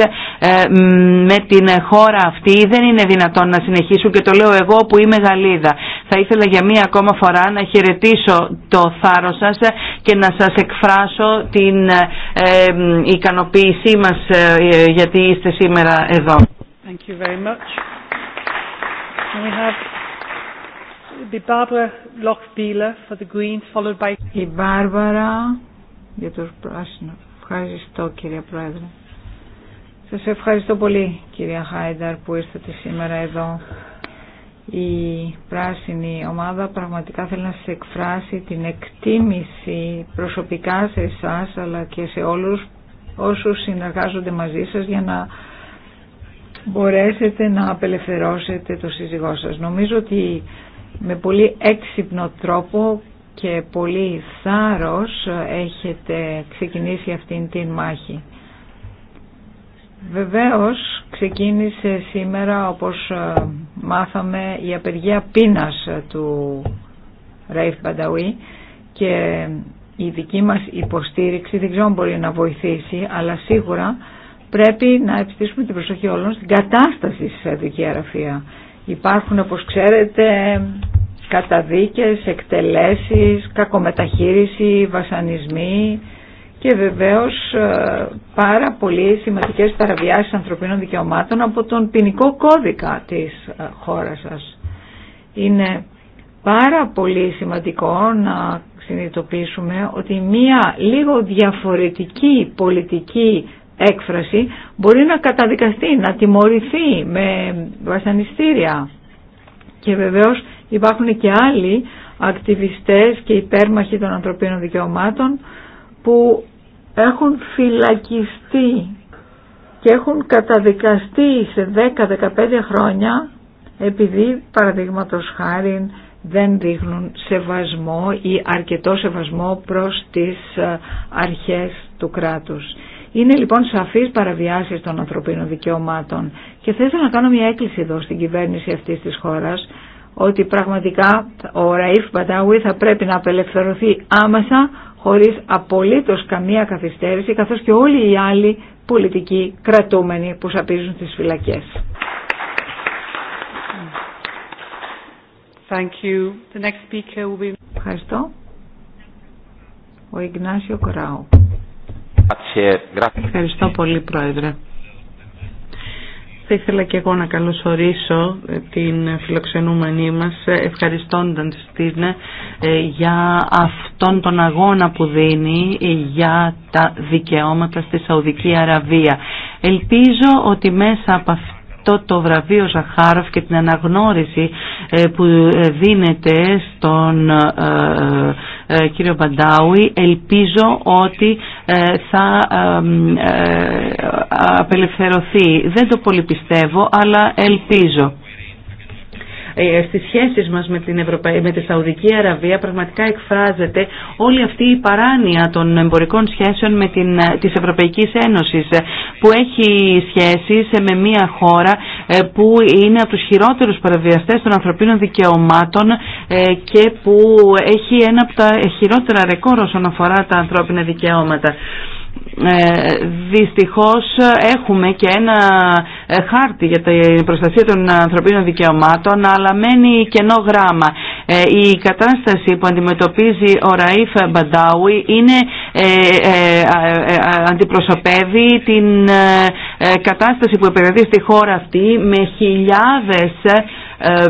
Speaker 4: με την χώρα αυτή δεν είναι δυνατόν να συνεχίσουν και το λέω εγώ που είμαι Γαλλίδα. Θα ήθελα για μία ακόμα φορά να χαιρετήσω το θάρρος σας και να σας εκφράσω την ε, ικανοποίησή μας ε, γιατί είστε σήμερα εδώ.
Speaker 3: Thank you very much. And we have the Barbara Lochbieler for the Greens, followed by... Η Μπάρβαρα
Speaker 1: για τους πράσινους. Ευχαριστώ κύριε Πρόεδρε. Σας ευχαριστώ πολύ κυρία Χάινταρ που ήρθατε σήμερα εδώ. Η πράσινη ομάδα πραγματικά θέλει να σας εκφράσει την εκτίμηση προσωπικά σε εσάς αλλά και σε όλους όσους συνεργάζονται μαζί σας για να μπορέσετε να απελευθερώσετε το σύζυγό σας. Νομίζω ότι με πολύ έξυπνο τρόπο και πολύ θάρρος έχετε ξεκινήσει αυτήν την μάχη. Βεβαίως ξεκίνησε σήμερα όπως ε, μάθαμε η απεργία πείνας του Ραϊφ Μπανταουή και η δική μας υποστήριξη δεν ξέρω αν μπορεί να βοηθήσει αλλά σίγουρα πρέπει να επιστήσουμε την προσοχή όλων στην κατάσταση στη δική Αραφία. Υπάρχουν όπως ξέρετε καταδίκες, εκτελέσεις, κακομεταχείριση, βασανισμοί και βεβαίως ε, πάρα πολύ σημαντικές παραβιάσεις ανθρωπίνων δικαιωμάτων από τον ποινικό κώδικα της ε, χώρας σας. Είναι πάρα πολύ σημαντικό να συνειδητοποιήσουμε ότι μία λίγο διαφορετική πολιτική έκφραση μπορεί να καταδικαστεί, να τιμωρηθεί με βασανιστήρια. Και βεβαίως υπάρχουν και άλλοι ακτιβιστές και υπέρμαχοι των ανθρωπίνων δικαιωμάτων που έχουν φυλακιστεί και έχουν καταδικαστεί σε 10-15 χρόνια επειδή παραδείγματο χάρη δεν δείχνουν σεβασμό ή αρκετό σεβασμό προς τις ε, αρχές του κράτους. Είναι λοιπόν σαφείς παραβιάσεις των ανθρωπίνων δικαιωμάτων και θα να κάνω μια έκκληση εδώ στην κυβέρνηση αυτής της χώρας ότι πραγματικά ο Ραΐφ Μπαντάουι θα πρέπει να απελευθερωθεί άμεσα χωρίς απολύτως καμία καθυστέρηση καθώς και όλοι οι άλλοι πολιτικοί κρατούμενοι που σαπίζουν στις φυλακές. Thank you. The next speaker will be... Ευχαριστώ. Ο Ιγνάσιο Κοράου.
Speaker 3: Ευχαριστώ πολύ
Speaker 1: Πρόεδρε.
Speaker 4: Θα ήθελα και εγώ να καλωσορίσω την φιλοξενούμενή μας ευχαριστώντας την ε, για αυτόν τον αγώνα που δίνει για τα δικαιώματα στη Σαουδική Αραβία. Ελπίζω ότι μέσα από αυτό το βραβείο Ζαχάροφ και την αναγνώριση ε, που ε, δίνεται στον ε, κύριο Μπαντάουι. Ελπίζω ότι ε, θα ε, απελευθερωθεί. Δεν το πολυπιστεύω, αλλά ελπίζω. Ε, στις σχέσεις μας με, την Ευρωπαϊ... με τη Σαουδική Αραβία πραγματικά εκφράζεται όλη αυτή η παράνοια των εμπορικών σχέσεων με την... Ε, της Ευρωπαϊκής Ένωσης ε, που έχει σχέσεις με μια χώρα που είναι από τους χειρότερους παραβιαστές των ανθρωπίνων δικαιωμάτων και που έχει ένα από τα χειρότερα ρεκόρ όσον αφορά τα ανθρώπινα δικαιώματα. Ε, δυστυχώς έχουμε και ένα ε, χάρτη για την προστασία των ανθρωπίνων δικαιωμάτων αλλά μένει κενό γράμμα. Ε, η κατάσταση που αντιμετωπίζει ο Ραΐφ Μπαντάουι είναι, αντιπροσωπεύει την κατάσταση που επικρατεί στη χώρα αυτή με χιλιάδες ε,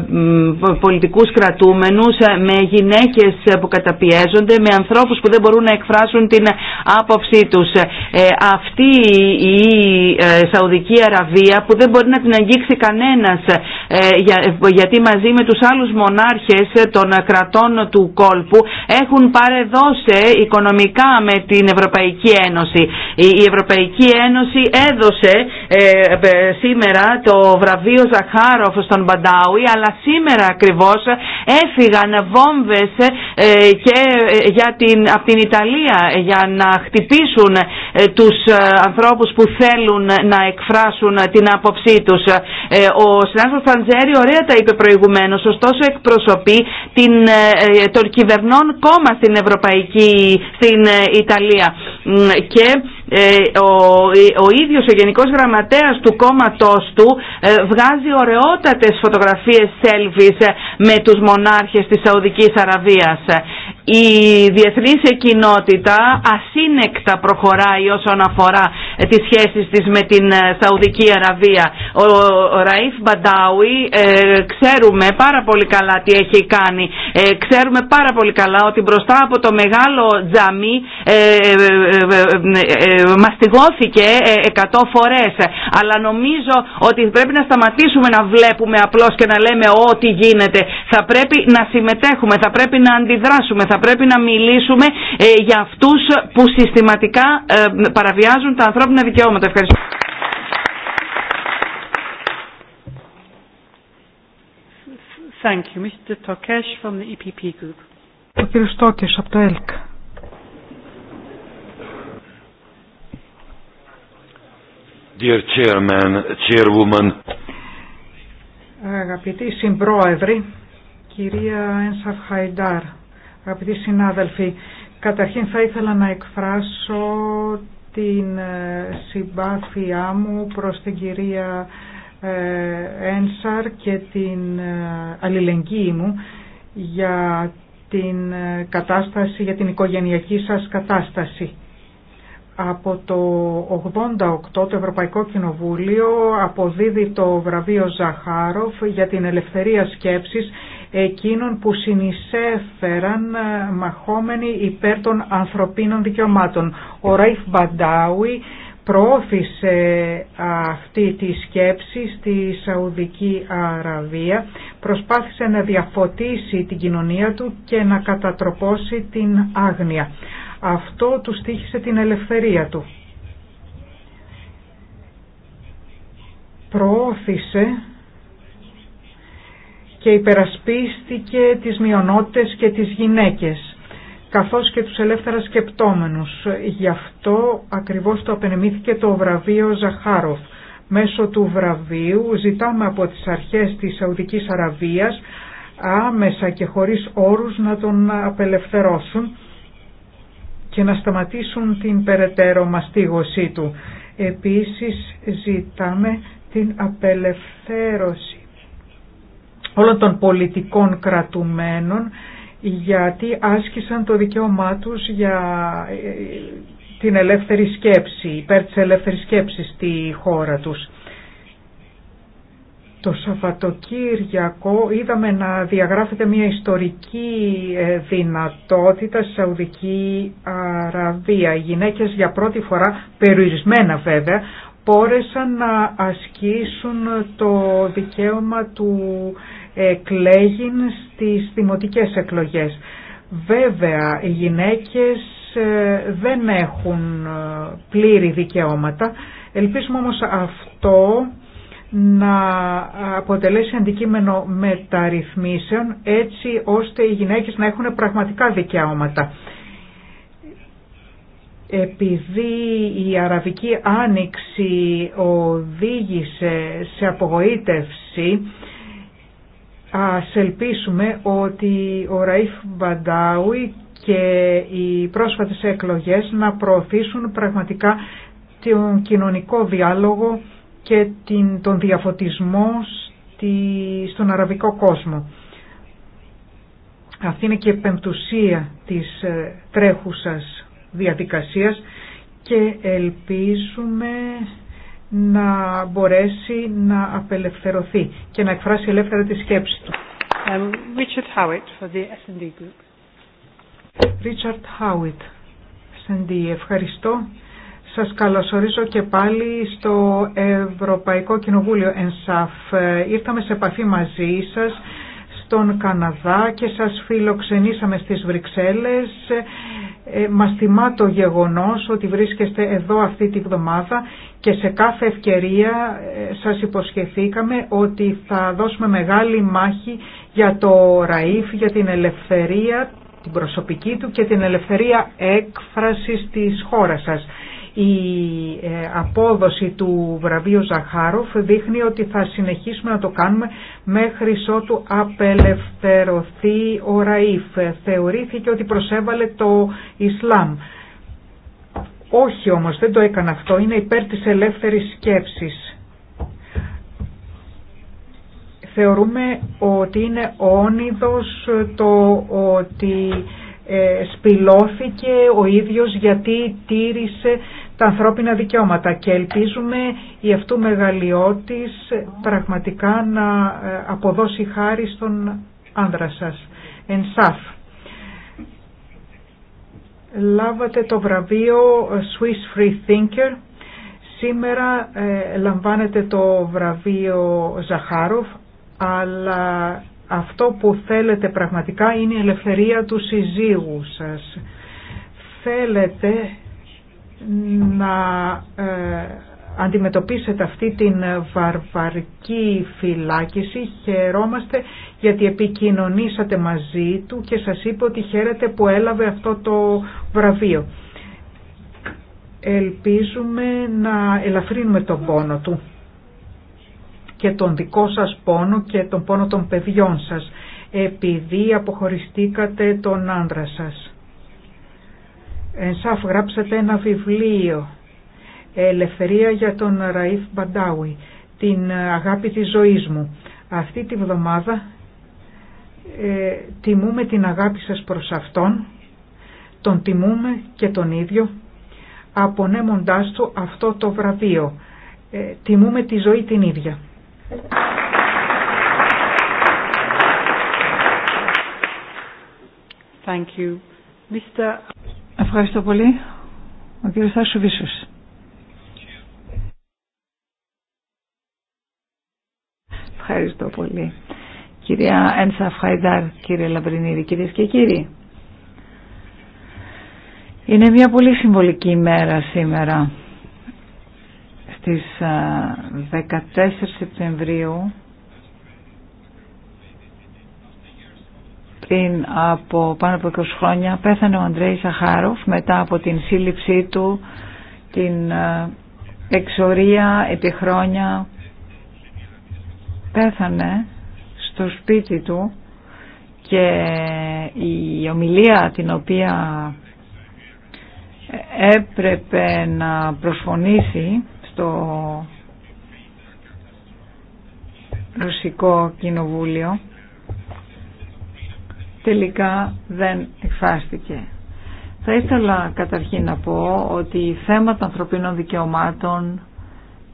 Speaker 4: πολιτικούς κρατούμενους, ε, με γυναίκες που καταπιέζονται, με ανθρώπους που δεν μπορούν να εκφράσουν την άποψή τους. Ε, αυτή η Σαουδική Αραβία που δεν μπορεί να την αγγίξει κανένας γιατί μαζί με τους άλλους μονάρχες των κρατών του κόλπου έχουν παρεδώσει οικονομικά με την Ευρωπαϊκή Ένωση. Η Ευρωπαϊκή Ένωση έδωσε σήμερα το βραβείο Ζαχάροφ στον Μπαντάουι αλλά σήμερα ακριβώς έφυγαν βόμβες ε, και ε, για την, από την Ιταλία για να χτυπήσουν ε, τους ανθρώπους που θέλουν να εκφράσουν την άποψή τους. Ο συνάδελφος Φαντζέρη ωραία τα είπε προηγουμένως, ωστόσο εκπροσωπεί την, τον κυβερνών κόμμα στην Ευρωπαϊκή, στην Ιταλία. Και ε, ο, ο ίδιος ο Γενικός Γραμματέας του κόμματός του ε, βγάζει ωραιότατες φωτογραφίες selfies ε, με τους μονάρχες της Σαουδικής Αραβίας η διεθνής κοινότητα ασύνεκτα προχωράει όσον αφορά ε, τις σχέσεις της με την ε, Σαουδική Αραβία. Ο Ραΐφ Μπαντάουι ε, ξέρουμε πάρα πολύ καλά τι έχει κάνει. ξέρουμε πάρα πολύ καλά ότι μπροστά από το μεγάλο τζαμί ε, μαστιγώθηκε 100 φορές. Αλλά νομίζω ότι πρέπει να σταματήσουμε να βλέπουμε απλώς και να λέμε ό,τι γίνεται. Θα πρέπει να συμμετέχουμε, θα πρέπει να αντιδράσουμε, θα πρέπει να μιλήσουμε ε, για αυτούς που συστηματικά ε, παραβιάζουν τα ανθρώπινα δικαιώματα. Ευχαριστώ.
Speaker 3: Thank you. Mr. Tokesh
Speaker 2: from the EPP Group. Ο Τόκες από το ΕΛΚ.
Speaker 3: Dear Chairman, Chairwoman.
Speaker 2: Αγαπητοί συμπρόεδρη, κυρία Ένσαφ Χαϊντάρ, Αγαπητοί συνάδελφοι, καταρχήν θα ήθελα να εκφράσω την ε, συμπάθειά μου προς την κυρία ε, Ένσαρ και την ε, αλληλεγγύη μου για την κατάσταση, για την οικογενειακή σας κατάσταση. Από το 88 το Ευρωπαϊκό Κοινοβούλιο αποδίδει το βραβείο Ζαχάροφ για την ελευθερία σκέψης εκείνων που συνεισέφεραν ε, μαχόμενοι υπέρ των ανθρωπίνων δικαιωμάτων. Ο Ραϊφ Μπαντάουι προώθησε ε, αυτή τη σκέψη στη Σαουδική Αραβία, προσπάθησε να διαφωτίσει την κοινωνία του και να κατατροπώσει την άγνοια. Αυτό του στήχησε την ελευθερία του. Προώθησε και υπερασπίστηκε τις μειονότητες και τις γυναίκες καθώς και τους ελεύθερα σκεπτόμενους. Γι' αυτό ακριβώς το απενεμήθηκε το βραβείο Ζαχάροφ. Μέσω του βραβείου ζητάμε από τις αρχές της Σαουδικής Αραβίας άμεσα και χωρίς όρους να τον απελευθερώσουν και να σταματήσουν την περαιτέρω μαστίγωσή του. Επίσης ζητάμε την απελευθέρωση όλων των πολιτικών κρατουμένων γιατί άσκησαν το δικαίωμά τους για ε, την ελεύθερη σκέψη, υπέρ της ελεύθερης σκέψης στη χώρα τους. Το Σαββατοκύριακο είδαμε να διαγράφεται μια ιστορική ε, δυνατότητα στη Σαουδική Αραβία. Οι γυναίκες για πρώτη φορά, περιορισμένα βέβαια, πόρεσαν να ασκήσουν το δικαίωμα του εκλέγην στις δημοτικές εκλογές. Βέβαια, οι γυναίκες ε, δεν έχουν ε, πλήρη δικαιώματα. Ελπίζουμε όμως αυτό να αποτελέσει αντικείμενο μεταρρυθμίσεων έτσι ώστε οι γυναίκες να έχουν πραγματικά δικαιώματα. Επειδή η Αραβική Άνοιξη οδήγησε σε απογοήτευση Ας ελπίσουμε ότι ο Ραΐφ Μπαντάουι και οι πρόσφατες εκλογές να προωθήσουν πραγματικά τον κοινωνικό διάλογο και την, τον διαφωτισμό στη, στον αραβικό κόσμο. Αυτή είναι και η πεμπτουσία της ε, τρέχουσας διαδικασίας και ελπίζουμε να μπορέσει να απελευθερωθεί και να εκφράσει ελεύθερα τη σκέψη του.
Speaker 3: Um, Richard Howitt for the S&D Group.
Speaker 2: Richard Howitt, S&D, ευχαριστώ. Σας καλωσορίζω και πάλι στο Ευρωπαϊκό Κοινοβούλιο ΕΝΣΑΦ. Ε, ήρθαμε σε επαφή μαζί σας τον Καναδά και σας φιλοξενήσαμε στις Βρυξέλλες. Ε, μας τιμά το γεγονός ότι βρίσκεστε εδώ αυτή τη βδομάδα και σε κάθε ευκαιρία ε, σας υποσχεθήκαμε ότι θα δώσουμε μεγάλη μάχη για το ΡΑΙΦ, για την ελευθερία την προσωπική του και την ελευθερία έκφρασης της χώρας σας. Η ε, απόδοση του βραβείου Ζαχάροφ δείχνει ότι θα συνεχίσουμε να το κάνουμε μέχρι ότου απελευθερωθεί ο Ραΐφ. Θεωρήθηκε ότι προσέβαλε το Ισλάμ. Όχι όμως, δεν το έκανα αυτό. Είναι υπέρ της ελεύθερης σκέψης. Θεωρούμε ότι είναι όνειδος το ότι ε, σπηλώθηκε ο ίδιος γιατί τήρησε τα ανθρώπινα δικαιώματα και ελπίζουμε η αυτού μεγαλειώτης πραγματικά να ε, αποδώσει χάρη στον άνδρα σας. Εν σαφ. Λάβατε το βραβείο Swiss Free Thinker. Σήμερα ε, λαμβάνετε το βραβείο Ζαχάροφ, αλλά αυτό που θέλετε πραγματικά είναι η ελευθερία του συζύγου σας. Θέλετε να ε, αντιμετωπίσετε αυτή την βαρβαρική φυλάκηση. Χαιρόμαστε γιατί επικοινωνήσατε μαζί του και σας είπε ότι χαίρετε που έλαβε αυτό το βραβείο. Ελπίζουμε να ελαφρύνουμε τον πόνο του και τον δικό σας πόνο και τον πόνο των παιδιών σας επειδή αποχωριστήκατε τον άντρα σας. Ενσάφ γράψατε ένα βιβλίο «Ελευθερία για τον Ραΐφ Μπαντάουι, την αγάπη της ζωής μου». Αυτή τη βδομάδα ε, τιμούμε την αγάπη σας προς Αυτόν, τον τιμούμε και τον ίδιο, απονέμοντάς του αυτό το βραβείο. Ε, τιμούμε τη ζωή την ίδια.
Speaker 3: Thank you. Ευχαριστώ πολύ.
Speaker 1: Ο κύριο Θάσου Βίσος. Ευχαριστώ πολύ. Κυρία Ένσα Φαϊντάρ, κύριε Λαμπρινίδη, κυρίε και κύριοι. Είναι μια πολύ συμβολική ημέρα σήμερα. Στις 14 ε, Σεπτεμβρίου πριν από πάνω από 20 χρόνια πέθανε ο Αντρέη Σαχάροφ μετά από την σύλληψή του, την ε, εξορία επί χρόνια. Πέθανε στο σπίτι του και η ομιλία την οποία έπρεπε να προσφωνήσει στο Ρωσικό Κοινοβούλιο τελικά δεν εκφράστηκε. Θα ήθελα καταρχήν να πω ότι θέματα ανθρωπίνων δικαιωμάτων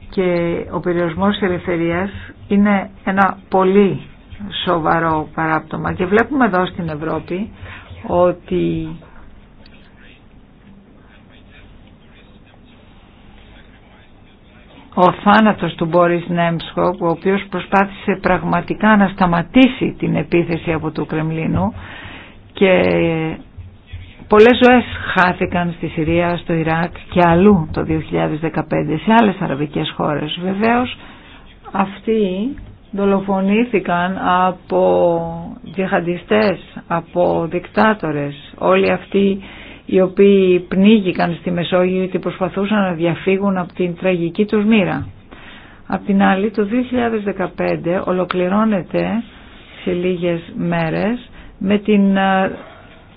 Speaker 1: και ο περιορισμός της ελευθερίας είναι ένα πολύ σοβαρό παράπτωμα και βλέπουμε εδώ στην Ευρώπη ότι ο θάνατος του Μπόρις Νέμψχο, ο οποίος προσπάθησε πραγματικά να σταματήσει την επίθεση από του Κρεμλίνου και πολλές ζωές χάθηκαν στη Συρία, στο Ιράκ και αλλού το 2015 σε άλλες αραβικές χώρες. Βεβαίως αυτοί δολοφονήθηκαν από διχαντιστές, από δικτάτορες. Όλοι αυτοί οι οποίοι πνίγηκαν στη Μεσόγειο γιατί προσπαθούσαν να διαφύγουν από την τραγική τους μοίρα. Απ' την άλλη το 2015 ολοκληρώνεται σε λίγες μέρες με την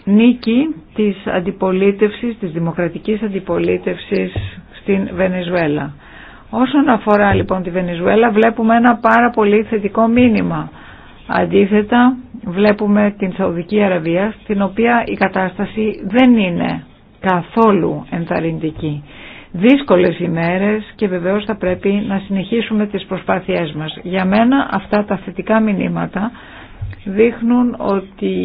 Speaker 1: νίκη της αντιπολίτευσης, της δημοκρατικής αντιπολίτευσης στην Βενεζουέλα. Όσον αφορά λοιπόν τη Βενεζουέλα βλέπουμε ένα πάρα πολύ θετικό μήνυμα Αντίθετα, βλέπουμε την Σαουδική Αραβία, στην οποία η κατάσταση δεν είναι καθόλου ενθαρρυντική. Δύσκολες ημέρες και βεβαίως θα πρέπει να συνεχίσουμε τις προσπάθειές μας. Για μένα αυτά τα θετικά μηνύματα δείχνουν ότι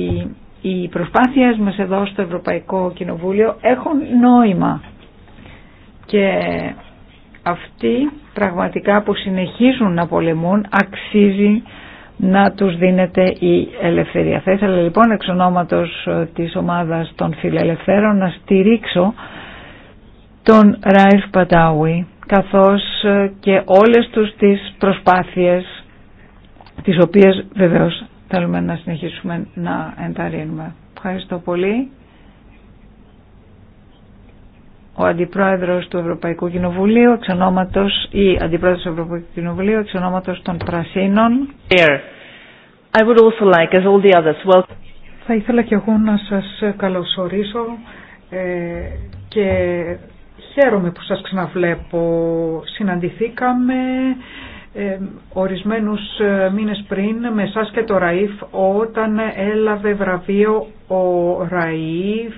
Speaker 1: οι προσπάθειές μας εδώ στο Ευρωπαϊκό Κοινοβούλιο έχουν νόημα και αυτοί πραγματικά που συνεχίζουν να πολεμούν αξίζει να τους δίνεται η ελευθερία. Θα ήθελα λοιπόν εξ ονόματος ε, της ομάδας των φιλελευθέρων να στηρίξω τον Ράιφ Πατάουι καθώς ε, και όλες τους τις προσπάθειες τις οποίες βεβαίως θέλουμε να συνεχίσουμε να ενταρρύνουμε. Ευχαριστώ πολύ. Ο Αντιπρόεδρος του Ευρωπαϊκού Κοινοβουλίου, εξ ονόματος, ή Αντιπρόεδρος του Ευρωπαϊκού Κοινοβουλίου, εξ
Speaker 2: ονόματος των Πρασίνων. Θα ήθελα και εγώ να σας καλωσορίσω ε, και χαίρομαι που σας ξαναβλέπω. Συναντηθήκαμε ορισμένους ε, μήνες πριν με εσάς και το Ραΐφ όταν έλαβε βραβείο ο Ραΐφ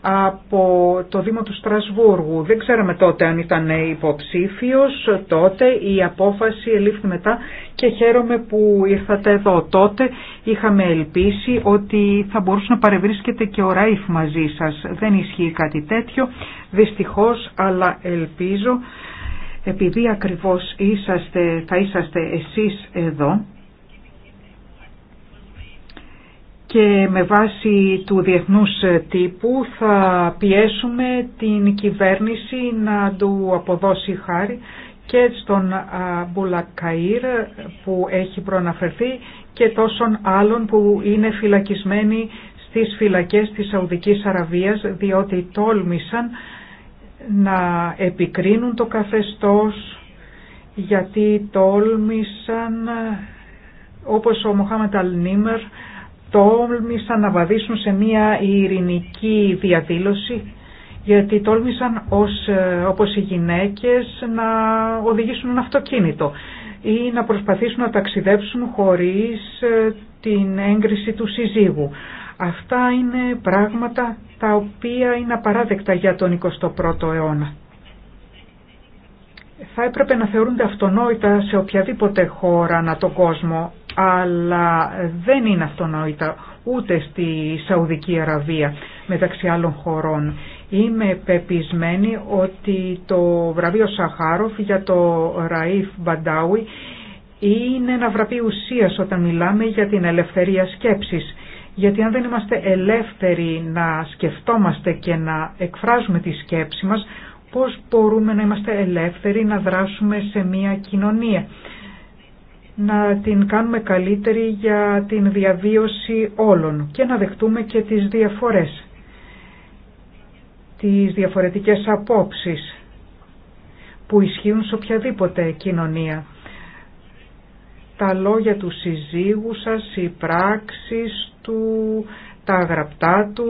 Speaker 2: από το Δήμο του Στρασβούργου. Δεν ξέραμε τότε αν ήταν υποψήφιος, τότε η απόφαση ελήφθη μετά και χαίρομαι που ήρθατε εδώ. Τότε είχαμε ελπίσει ότι θα μπορούσε να παρευρίσκεται και ο Ραΐφ μαζί σας. Δεν ισχύει κάτι τέτοιο, δυστυχώς, αλλά ελπίζω επειδή ακριβώς είσαστε, θα είσαστε εσείς εδώ και με βάση του διεθνούς τύπου θα πιέσουμε την κυβέρνηση να του αποδώσει χάρη και στον Μπουλακαΐρ που έχει προαναφερθεί και τόσων άλλων που είναι φυλακισμένοι στις φυλακές της Σαουδικής Αραβίας διότι τόλμησαν να επικρίνουν το καθεστώς γιατί τόλμησαν όπως ο Μοχάμετ Αλνίμερ τόλμησαν να βαδίσουν σε μια ειρηνική διαδήλωση γιατί τόλμησαν ως, όπως οι γυναίκες να οδηγήσουν ένα αυτοκίνητο ή να προσπαθήσουν να ταξιδέψουν χωρίς ε, την έγκριση του συζύγου. Αυτά είναι πράγματα τα οποία είναι απαράδεκτα για τον 21ο αιώνα. Θα έπρεπε να θεωρούνται αυτονόητα σε οποιαδήποτε χώρα να τον κόσμο, αλλά δεν είναι αυτονόητα ούτε στη Σαουδική Αραβία μεταξύ άλλων χωρών. Είμαι πεπισμένη ότι το βραβείο Σαχάροφ για το Ραΐφ Μπαντάουι είναι ένα βραβείο ουσίας όταν μιλάμε για την ελευθερία σκέψης γιατί αν δεν είμαστε ελεύθεροι να σκεφτόμαστε και να εκφράζουμε τη σκέψη μας, πώς μπορούμε να είμαστε ελεύθεροι να δράσουμε σε μια κοινωνία, να την κάνουμε καλύτερη για την διαβίωση όλων και να δεχτούμε και τις διαφορές, τις διαφορετικές απόψεις που ισχύουν σε οποιαδήποτε κοινωνία τα λόγια του συζύγου σας, οι πράξεις του, τα γραπτά του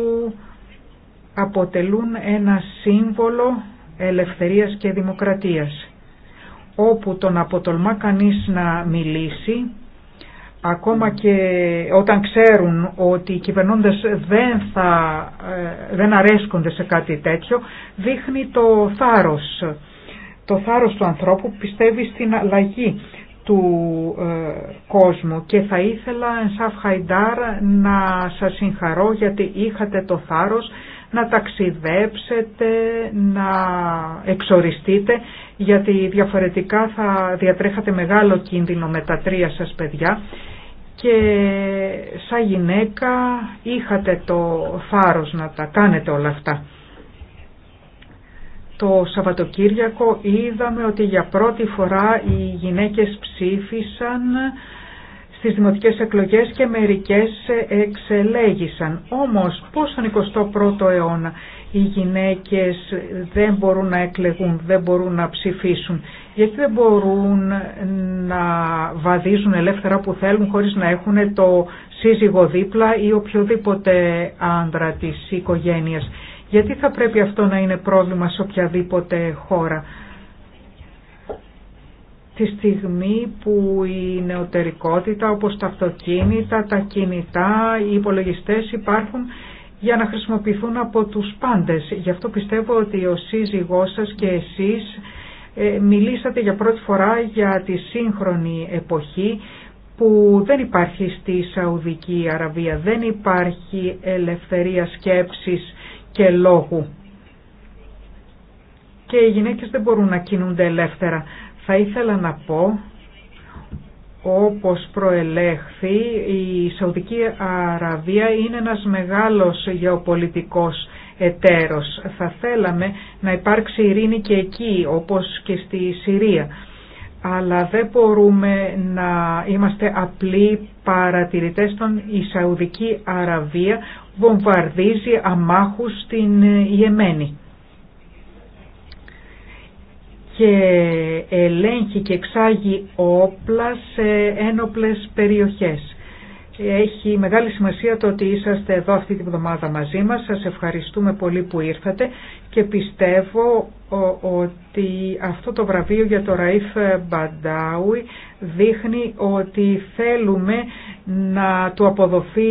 Speaker 2: αποτελούν ένα σύμβολο ελευθερίας και δημοκρατίας. Όπου τον αποτολμά κανείς να μιλήσει, ακόμα και όταν ξέρουν ότι οι κυβερνώντες δεν, θα, ε, δεν αρέσκονται σε κάτι τέτοιο, δείχνει το θάρρος. Το θάρρος του ανθρώπου πιστεύει στην αλλαγή του ε, κόσμου και θα ήθελα εν να σας συγχαρώ γιατί είχατε το θάρρος να ταξιδέψετε, να εξοριστείτε γιατί διαφορετικά θα διατρέχατε μεγάλο κίνδυνο με τα τρία σας παιδιά και σαν γυναίκα είχατε το θάρρος να τα κάνετε όλα αυτά. Το Σαββατοκύριακο είδαμε ότι για πρώτη φορά οι γυναίκες ψήφισαν στις δημοτικές εκλογές και μερικές εξελέγησαν. όμως πώς στον 21ο αιώνα οι γυναίκες δεν μπορούν να εκλεγούν, δεν μπορούν να ψηφίσουν γιατί δεν μπορούν να βαδίζουν ελεύθερα που θέλουν χωρίς να έχουν το σύζυγο δίπλα ή οποιοδήποτε άντρα της οικογένειας. Γιατί θα πρέπει αυτό να είναι πρόβλημα σε οποιαδήποτε χώρα. Τη στιγμή που η νεωτερικότητα όπως τα αυτοκίνητα, τα κινητά, οι υπολογιστές υπάρχουν για να χρησιμοποιηθούν από τους πάντες. Γι' αυτό πιστεύω ότι ο σύζυγός σας και εσείς ε, μιλήσατε για πρώτη φορά για τη σύγχρονη εποχή που δεν υπάρχει στη Σαουδική Αραβία, δεν υπάρχει ελευθερία σκέψης και λόγου. Και οι γυναίκες δεν μπορούν να κινούνται ελεύθερα. Θα ήθελα να πω, όπως προελέχθη, η Σαουδική Αραβία είναι ένας μεγάλος γεωπολιτικός εταίρος. Θα θέλαμε να υπάρξει ειρήνη και εκεί, όπως και στη Συρία αλλά δεν μπορούμε να είμαστε απλοί παρατηρητές των η Σαουδική Αραβία βομβαρδίζει αμάχους στην Ιεμένη και ελέγχει και εξάγει όπλα σε ένοπλες περιοχές. Έχει μεγάλη σημασία το ότι είσαστε εδώ αυτή την εβδομάδα μαζί μας. Σας ευχαριστούμε πολύ που ήρθατε και πιστεύω ότι αυτό το βραβείο για το Ραΐφ Μπαντάουι δείχνει ότι θέλουμε να του αποδοθεί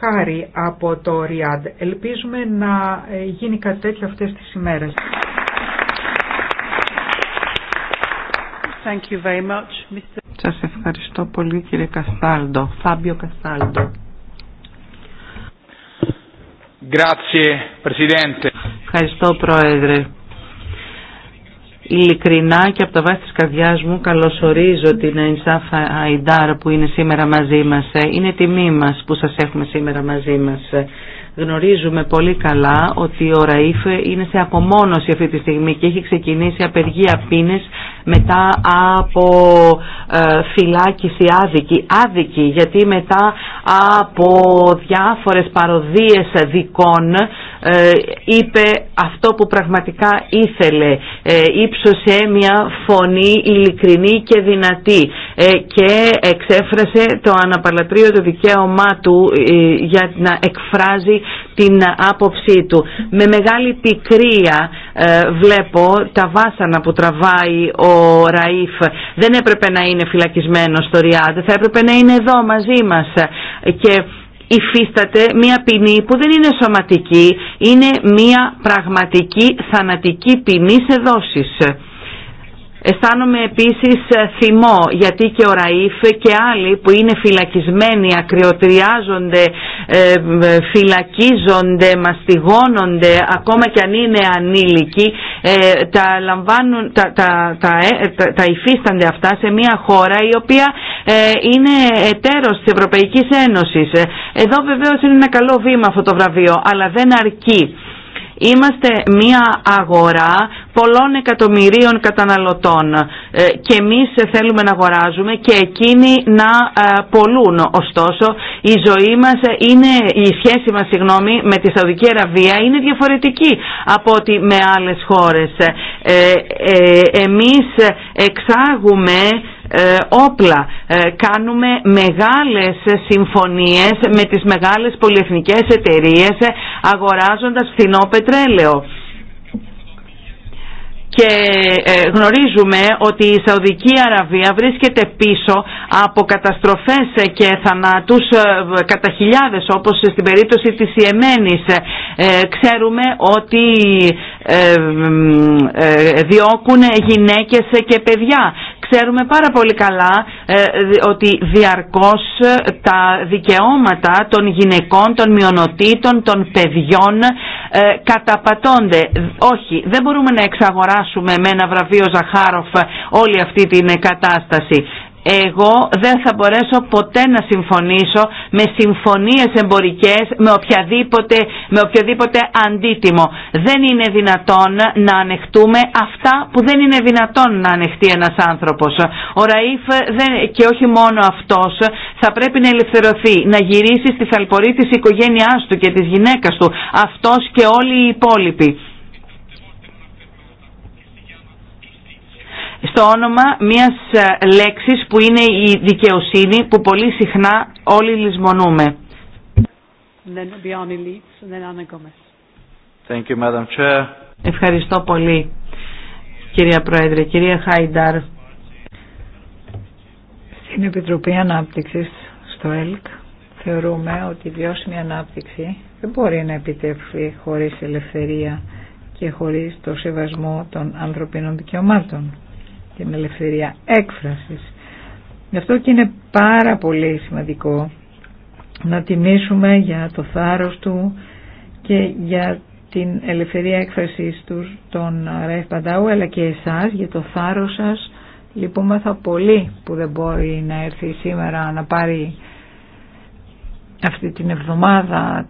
Speaker 2: χάρη από το Ριάντ. Ελπίζουμε να ε, γίνει κάτι τέτοιο αυτές τις ημέρες.
Speaker 4: Ευχαριστώ πολύ κύριε Καστάλντο. Φάμπιο Καστάλντο. Ευχαριστώ Πρόεδρε. Ειλικρινά και από τα βάση της καρδιάς μου καλωσορίζω την Ενσάφα Αϊντάρ που είναι σήμερα μαζί μας. Είναι τιμή μας που σας έχουμε σήμερα μαζί μας. Γνωρίζουμε πολύ καλά ότι ο ΡΑΙΦ είναι σε απομόνωση αυτή τη στιγμή και έχει ξεκινήσει απεργία πίνες μετά από ε, φυλάκιση άδικη. Άδικη γιατί μετά από διάφορες παροδίες δικών ε, είπε αυτό που πραγματικά ήθελε. Ήψωσε μια φωνή ειλικρινή και δυνατή ε, και εξέφρασε το αναπαλατρίο το δικαίωμά του για να εκφράζει την άποψή του. Με μεγάλη πικρία ε, βλέπω τα βάσανα που τραβάει ο Ραΐφ. Δεν έπρεπε να είναι φυλακισμένο στο Ριάντ, θα έπρεπε να είναι εδώ μαζί μας. Και υφίσταται μια ποινή που δεν είναι σωματική, είναι μια πραγματική θανατική ποινή σε δόσεις. Αισθάνομαι επίσης ε, θυμό γιατί και ο Ραΐφ και άλλοι που είναι φυλακισμένοι, ακριοτριάζονται, ε, φυλακίζονται, μαστιγώνονται, ακόμα και αν είναι ανήλικοι, ε, τα, λαμβάνουν, τα, τα, τα, υφίστανται αυτά σε μια χώρα η οποία είναι εταίρος της Ευρωπαϊκής Ένωσης. Εδώ βεβαίως είναι ένα καλό βήμα αυτό το βραβείο, αλλά δεν αρκεί. Είμαστε μία αγορά πολλών εκατομμυρίων καταναλωτών ε, και εμείς θέλουμε να αγοράζουμε και εκείνοι να ε, πολλούν. Ωστόσο, η ζωή μας είναι, η σχέση μας συγγνώμη, με τη Σαουδική Αραβία είναι διαφορετική από ότι με άλλες χώρες. Ε, ε εμείς εξάγουμε ε, όπλα. Ε, κάνουμε μεγάλες συμφωνίες με τις μεγάλες πολυεθνικές εταιρείες ε, αγοράζοντας φθηνό πετρέλαιο. Και γνωρίζουμε ότι η Σαουδική Αραβία βρίσκεται πίσω από καταστροφές και θανάτους κατά χιλιάδες όπως στην περίπτωση της Ιεμένης. Ξέρουμε ότι διώκουν γυναίκες και παιδιά. Ξέρουμε πάρα πολύ καλά ε, ότι διαρκώς ε, τα δικαιώματα των γυναικών, των μειονοτήτων, των παιδιών ε, καταπατώνται. Όχι, δεν μπορούμε να εξαγοράσουμε με ένα βραβείο Ζαχάροφ όλη αυτή την κατάσταση εγώ δεν θα μπορέσω ποτέ να συμφωνήσω με συμφωνίες εμπορικές με, οποιαδήποτε, με οποιοδήποτε αντίτιμο. Δεν είναι δυνατόν να ανεχτούμε αυτά που δεν είναι δυνατόν να ανεχτεί ένας άνθρωπος. Ο Ραΐφ δεν, και όχι μόνο αυτός θα πρέπει να ελευθερωθεί, να γυρίσει στη θαλπορή της οικογένειάς του και της γυναίκας του, αυτός και όλοι οι υπόλοιποι. στο όνομα μιας ε, λέξης που είναι η δικαιοσύνη που πολύ συχνά όλοι λησμονούμε. Ευχαριστώ πολύ κυρία Πρόεδρε. Κυρία Χάινταρ.
Speaker 1: Στην Επιτροπή Ανάπτυξης στο ΕΛΚ θεωρούμε ότι η βιώσιμη ανάπτυξη δεν μπορεί να επιτευχθεί χωρίς ελευθερία και χωρίς το σεβασμό των ανθρωπίνων δικαιωμάτων την ελευθερία έκφρασης. Γι' αυτό και είναι πάρα πολύ σημαντικό να τιμήσουμε για το θάρρος του και για την ελευθερία έκφρασης του τον Ραϊφ Παντάου αλλά και εσάς για το θάρρος σας λυπούμεθα πολύ που δεν μπορεί να έρθει σήμερα να πάρει αυτή την εβδομάδα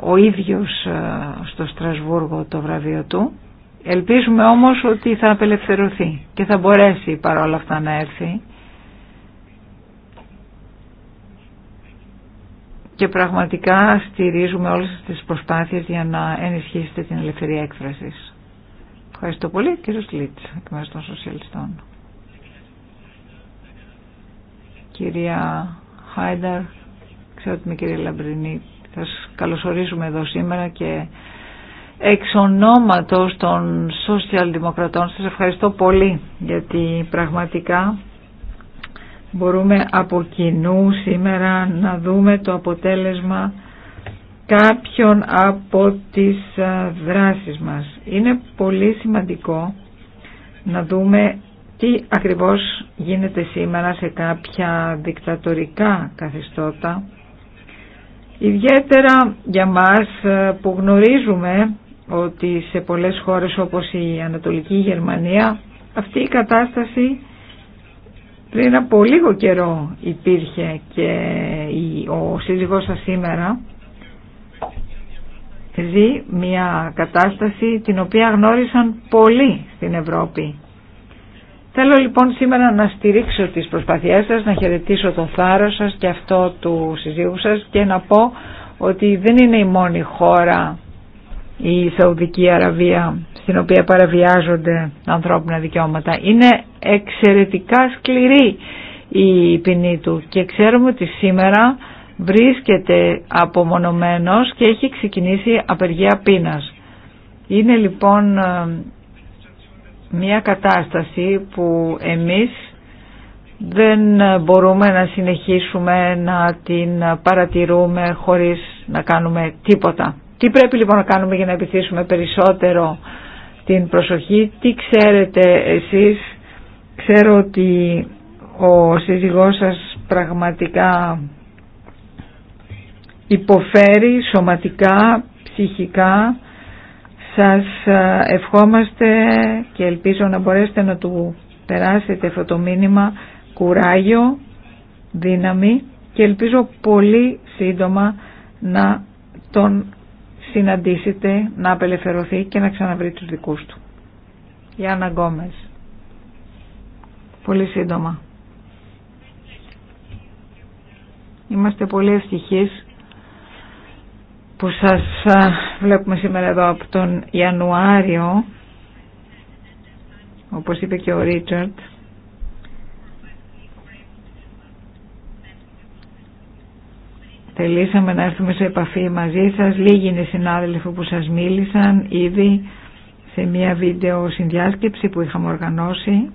Speaker 1: ο ίδιος ε, στο Στρασβούργο το βραβείο του Ελπίζουμε όμως ότι θα απελευθερωθεί και θα μπορέσει παρόλα αυτά να έρθει. Και πραγματικά στηρίζουμε όλες τις προσπάθειες για να ενισχύσετε την ελευθερία έκφρασης. Ευχαριστώ πολύ κύριο Σλίτς, εκ μέρους των Σοσιαλιστών. Κυρία Χάινταρ, ξέρω ότι με κυρία Λαμπρινή, σας καλωσορίζουμε εδώ σήμερα και εξ ονόματος των σοσιαλδημοκρατών. Σας ευχαριστώ πολύ γιατί πραγματικά μπορούμε από κοινού σήμερα να δούμε το αποτέλεσμα κάποιων από τις ε, δράσεις μας. Είναι πολύ σημαντικό να δούμε τι ακριβώς γίνεται σήμερα σε κάποια δικτατορικά καθεστώτα. Ιδιαίτερα για μας ε, που γνωρίζουμε ότι σε πολλές χώρες όπως η Ανατολική Γερμανία αυτή η κατάσταση πριν από λίγο καιρό υπήρχε και ο σύζυγός σας σήμερα ζει μια κατάσταση την οποία γνώρισαν πολλοί στην Ευρώπη. Θέλω λοιπόν σήμερα να στηρίξω τις προσπαθειές σας, να χαιρετήσω το θάρρος σας και αυτό του συζύγου σας και να πω ότι δεν είναι η μόνη χώρα η Σαουδική Αραβία στην οποία παραβιάζονται ανθρώπινα δικαιώματα. Είναι εξαιρετικά σκληρή η ποινή του και ξέρουμε ότι σήμερα βρίσκεται απομονωμένος και έχει ξεκινήσει απεργία πείνας. Είναι λοιπόν ε, μια κατάσταση που εμείς δεν μπορούμε να συνεχίσουμε να την παρατηρούμε χωρίς να κάνουμε τίποτα. Τι πρέπει λοιπόν να κάνουμε για να επιθύσουμε περισσότερο την προσοχή, τι ξέρετε εσείς, ξέρω ότι ο σύζυγός σας πραγματικά υποφέρει σωματικά, ψυχικά, σας ε, ευχόμαστε και ελπίζω να μπορέσετε να του περάσετε αυτό το μήνυμα κουράγιο, δύναμη και ελπίζω πολύ σύντομα να τον συναντήσετε, να απελευθερωθεί και να ξαναβρει τους δικούς του. Γιάννα Γκόμες. Πολύ σύντομα. Είμαστε πολύ ευτυχείς που σας βλέπουμε σήμερα εδώ από τον Ιανουάριο, όπως είπε και ο Ρίτσαρτ, Θελήσαμε να έρθουμε σε επαφή μαζί σας. Λίγοι είναι συνάδελφοι που σας μίλησαν ήδη σε μια βίντεο συνδιάσκεψη που είχαμε οργανώσει.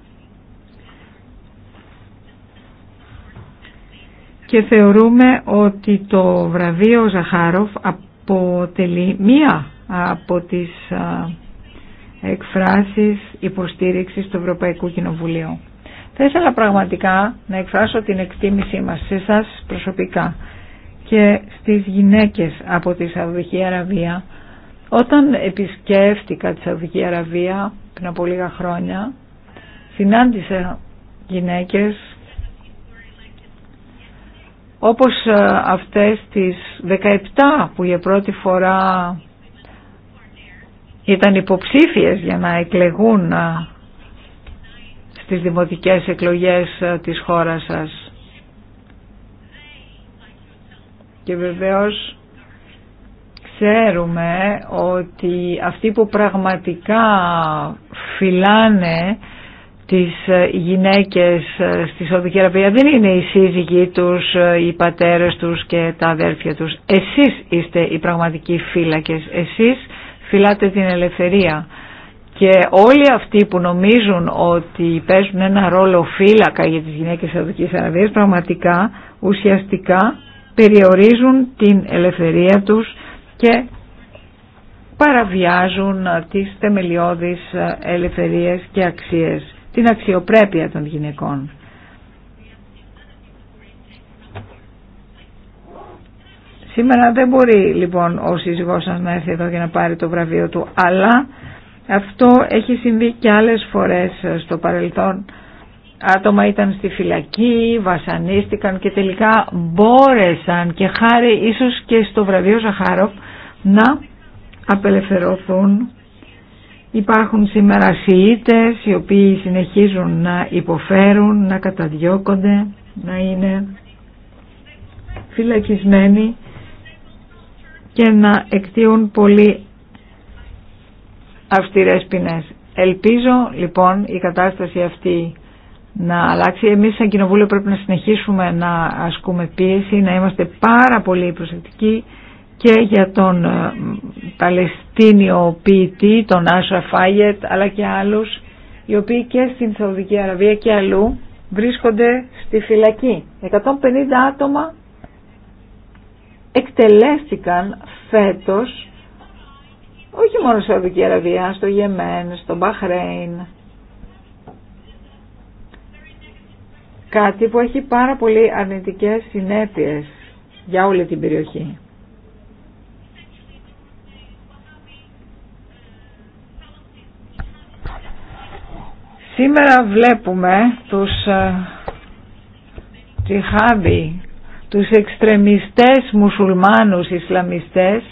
Speaker 1: Και θεωρούμε ότι το βραβείο Ζαχάροφ αποτελεί μία από τις εκφράσεις υποστήριξης του Ευρωπαϊκού Κοινοβουλίου. Θα ήθελα πραγματικά να εκφράσω την εκτίμησή μας σε σας προσωπικά και στις γυναίκες από τη Σαουδική Αραβία. Όταν επισκέφτηκα τη Σαουδική Αραβία πριν από λίγα χρόνια, συνάντησα γυναίκες όπως ε, αυτές τις 17 που για πρώτη φορά ήταν υποψήφιες για να εκλεγούν ε, στις δημοτικές εκλογές ε, της χώρας σας. Και βεβαίως ξέρουμε ότι αυτοί που πραγματικά φυλάνε τις γυναίκες στη Σαουδική Αραβία δεν είναι οι σύζυγοι τους, οι πατέρες τους και τα αδέρφια τους. Εσείς είστε οι πραγματικοί φύλακες. Εσείς φυλάτε την ελευθερία. Και όλοι αυτοί που νομίζουν ότι παίζουν ένα ρόλο φύλακα για τις γυναίκες της Σαουδικής Αραβίας πραγματικά, ουσιαστικά περιορίζουν την ελευθερία τους και παραβιάζουν ε, τις θεμελιώδεις ε, ελευθερίες και αξίες, την αξιοπρέπεια των γυναικών. Σήμερα δεν μπορεί λοιπόν ο σύζυγός σας να έρθει εδώ για να πάρει το βραβείο του, αλλά αυτό έχει συμβεί και άλλες φορές ε, στο παρελθόν άτομα ήταν στη φυλακή, βασανίστηκαν και τελικά μπόρεσαν και χάρη ίσως και στο βραβείο Ζαχάροφ να απελευθερωθούν. Υπάρχουν σήμερα σιήτες οι οποίοι συνεχίζουν να υποφέρουν, να καταδιώκονται, να είναι φυλακισμένοι και να εκτίουν πολύ αυστηρές ποινές. Ελπίζω λοιπόν η κατάσταση αυτή να αλλάξει. Εμείς σαν κοινοβούλιο πρέπει να συνεχίσουμε να ασκούμε πίεση, να είμαστε πάρα πολύ προσεκτικοί και για τον ε, Παλαιστίνιο ποιητή, τον Άσο Αφάγετ αλλά και άλλους, οι οποίοι και στην Σαουδική Αραβία και αλλού βρίσκονται στη φυλακή. 150 άτομα εκτελέστηκαν φέτος, όχι μόνο στη Σαουδική Αραβία, στο Γεμέν, στο Μπαχρέιν, κάτι που έχει πάρα πολύ αρνητικές συνέπειες για όλη την περιοχή. Σήμερα βλέπουμε τους ε, τσιχάμπι, τους εξτρεμιστές μουσουλμάνους Ισλαμιστές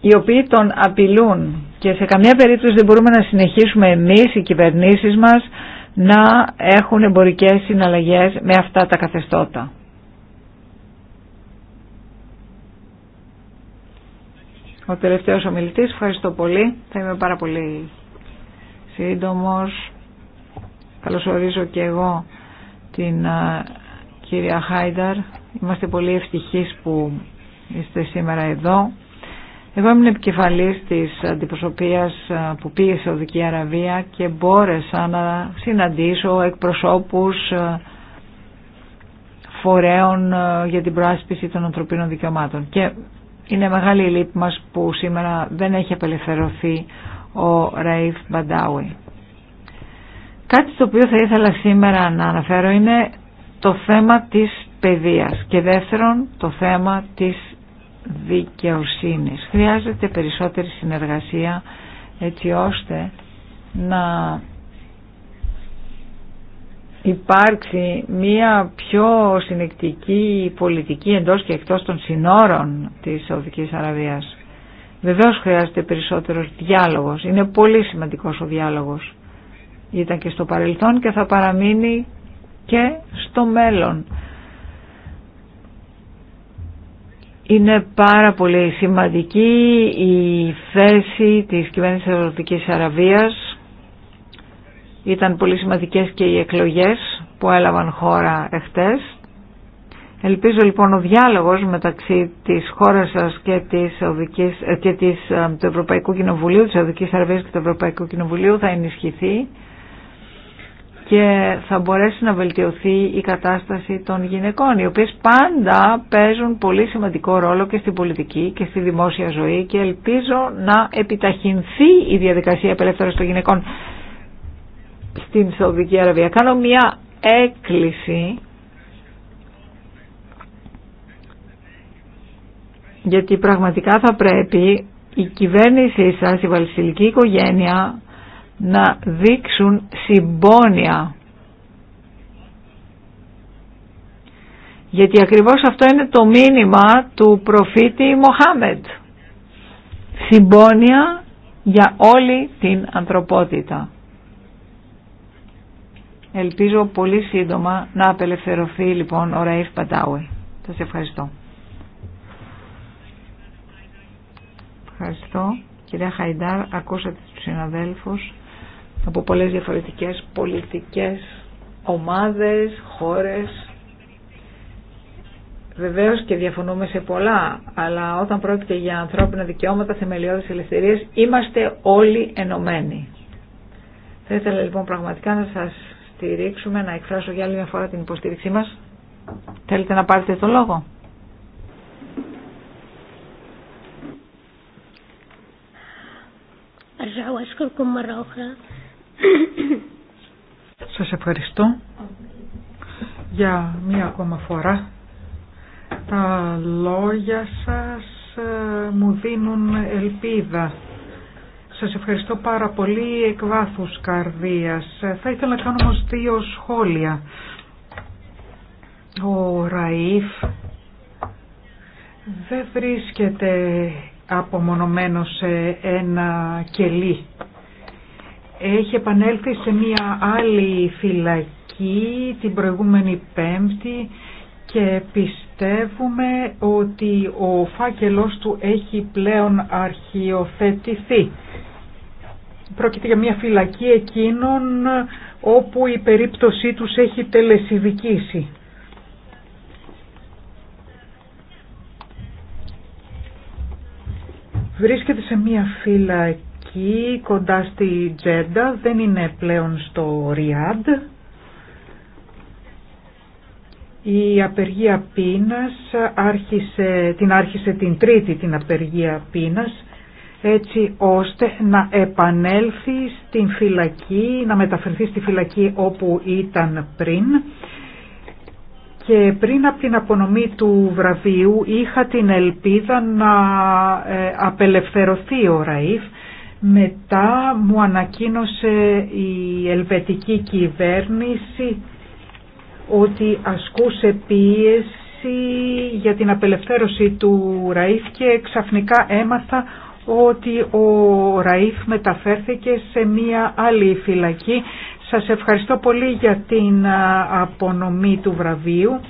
Speaker 1: οι οποίοι τον απειλούν και σε καμία περίπτωση δεν μπορούμε να συνεχίσουμε εμείς, οι κυβερνήσεις μας, να έχουν εμπορικές συναλλαγές με αυτά τα καθεστώτα. Ο τελευταίος ομιλητής, ευχαριστώ πολύ. Θα είμαι πάρα πολύ σύντομος. Καλωσορίζω και εγώ την κυρία Χάινταρ. Είμαστε πολύ ευτυχείς που είστε σήμερα εδώ. Εγώ ήμουν επικεφαλής της αντιπροσωπείας ε, που πήγε στη Σαουδική Αραβία και μπόρεσα να συναντήσω εκπροσώπους ε, φορέων ε, για την προάσπιση των ανθρωπίνων δικαιωμάτων. Και είναι μεγάλη η λύπη μας που σήμερα δεν έχει απελευθερωθεί ο Ραϊφ Μπαντάουι. Κάτι το οποίο θα ήθελα σήμερα να αναφέρω είναι το θέμα της παιδείας και δεύτερον το θέμα της δικαιοσύνης. Χρειάζεται περισσότερη συνεργασία έτσι ώστε να υπάρξει μία πιο συνεκτική πολιτική εντός και εκτός των συνόρων της Σαουδικής Αραβίας. Βεβαίως χρειάζεται περισσότερος διάλογος. Είναι πολύ σημαντικός ο διάλογος. Ήταν και στο παρελθόν και θα παραμείνει και στο μέλλον. Είναι πάρα πολύ σημαντική η θέση της κυβέρνησης Ευρωπαϊκής Αραβίας. Ήταν πολύ σημαντικές και οι εκλογές που έλαβαν χώρα εχθές. Ελπίζω λοιπόν ο διάλογος μεταξύ της χώρας σας και, της Οδικής, ε, και της, ε, του Ευρωπαϊκού Κοινοβουλίου, της Ευρωπαϊκής Αραβίας και του Ευρωπαϊκού Κοινοβουλίου θα ενισχυθεί και θα μπορέσει να βελτιωθεί η κατάσταση των γυναικών, οι οποίες πάντα παίζουν πολύ σημαντικό ρόλο και στην πολιτική και στη δημόσια ζωή και ελπίζω να επιταχυνθεί η διαδικασία απελευθέρωσης των γυναικών στην Σαουδική Αραβία. Κάνω μια έκκληση γιατί πραγματικά θα πρέπει η κυβέρνησή σας, η βασιλική οικογένεια να δείξουν συμπόνια. Γιατί ακριβώς αυτό είναι το μήνυμα του προφήτη Μοχάμετ Συμπόνια για όλη την ανθρωπότητα. Ελπίζω πολύ σύντομα να απελευθερωθεί λοιπόν ο Ραΐφ Παντάουι. Θα ευχαριστώ. Ευχαριστώ. Κυρία Χαϊντάρ, ακούσατε τους συναδέλφους από πολλές διαφορετικές πολιτικές ομάδες, χώρες. Βεβαίως και διαφωνούμε σε πολλά, αλλά όταν πρόκειται για ανθρώπινα δικαιώματα, θεμελιώδεις ελευθερίες, είμαστε όλοι ενωμένοι. Θα ήθελα λοιπόν πραγματικά να σας στηρίξουμε, να εκφράσω για άλλη μια φορά την υποστήριξή μας. Θέλετε να πάρετε το λόγο.
Speaker 2: Σας ευχαριστώ για μία ακόμα φορά. Τα λόγια σας ε, μου δίνουν ελπίδα. Σας ευχαριστώ πάρα πολύ εκ βάθους καρδίας. Ε, θα ήθελα να κάνω όμως δύο σχόλια. Ο Ραΐφ δεν βρίσκεται απομονωμένο σε ένα κελί έχει επανέλθει σε μία άλλη φυλακή την προηγούμενη Πέμπτη και πιστεύουμε ότι ο φάκελός του έχει πλέον αρχιοθετηθεί. Πρόκειται για μία φυλακή εκείνων όπου η περίπτωσή τους έχει τελεσιδικήσει. Βρίσκεται σε μία φυλακή εκεί κοντά στη Τζέντα, δεν είναι πλέον στο Ριάντ. Η απεργία πείνας άρχισε, την άρχισε την τρίτη την απεργία πείνας έτσι ώστε να επανέλθει στην φυλακή, να μεταφερθεί στη φυλακή όπου ήταν πριν και πριν από την απονομή του βραβείου είχα την ελπίδα να ε, απελευθερωθεί ο Ραΐφ μετά μου ανακοίνωσε η ελβετική κυβέρνηση ότι ασκούσε πίεση για την απελευθέρωση του Ραΐφ και ξαφνικά έμαθα ότι ο Ραΐφ μεταφέρθηκε σε μία άλλη φυλακή. Σας ευχαριστώ πολύ για την απονομή του βραβείου.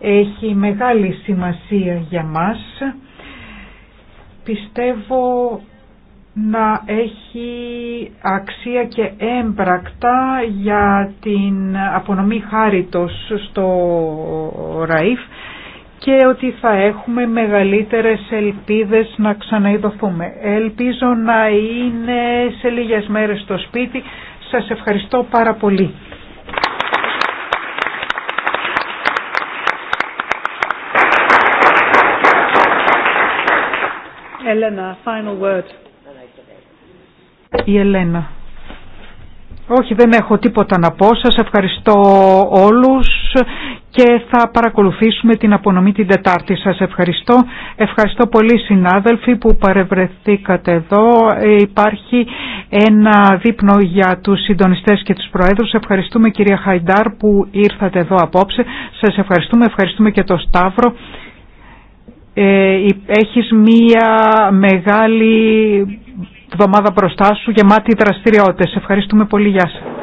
Speaker 2: Έχει μεγάλη σημασία για μας. Πιστεύω να έχει αξία και έμπρακτα για την απονομή χάριτος στο ΡΑΙΦ και ότι θα έχουμε μεγαλύτερες ελπίδες να ξαναειδωθούμε. Ελπίζω να είναι σε λίγες μέρες στο σπίτι. Σας ευχαριστώ πάρα πολύ.
Speaker 3: Elena, final word.
Speaker 2: Η Ελένα. Όχι, δεν έχω τίποτα να πω. Σας ευχαριστώ όλους και θα παρακολουθήσουμε την απονομή την Τετάρτη. Σας ευχαριστώ. Ευχαριστώ πολύ συνάδελφοι που παρευρεθήκατε εδώ. Ε, υπάρχει ένα δείπνο για τους συντονιστές και τους προέδρους. Ευχαριστούμε κυρία Χαϊντάρ που ήρθατε εδώ απόψε. Σας ευχαριστούμε. Ευχαριστούμε και τον Σταύρο. Ε, έχεις μία μεγάλη εβδομάδα μπροστά σου γεμάτη δραστηριότητες. Ευχαριστούμε πολύ. Γεια σας.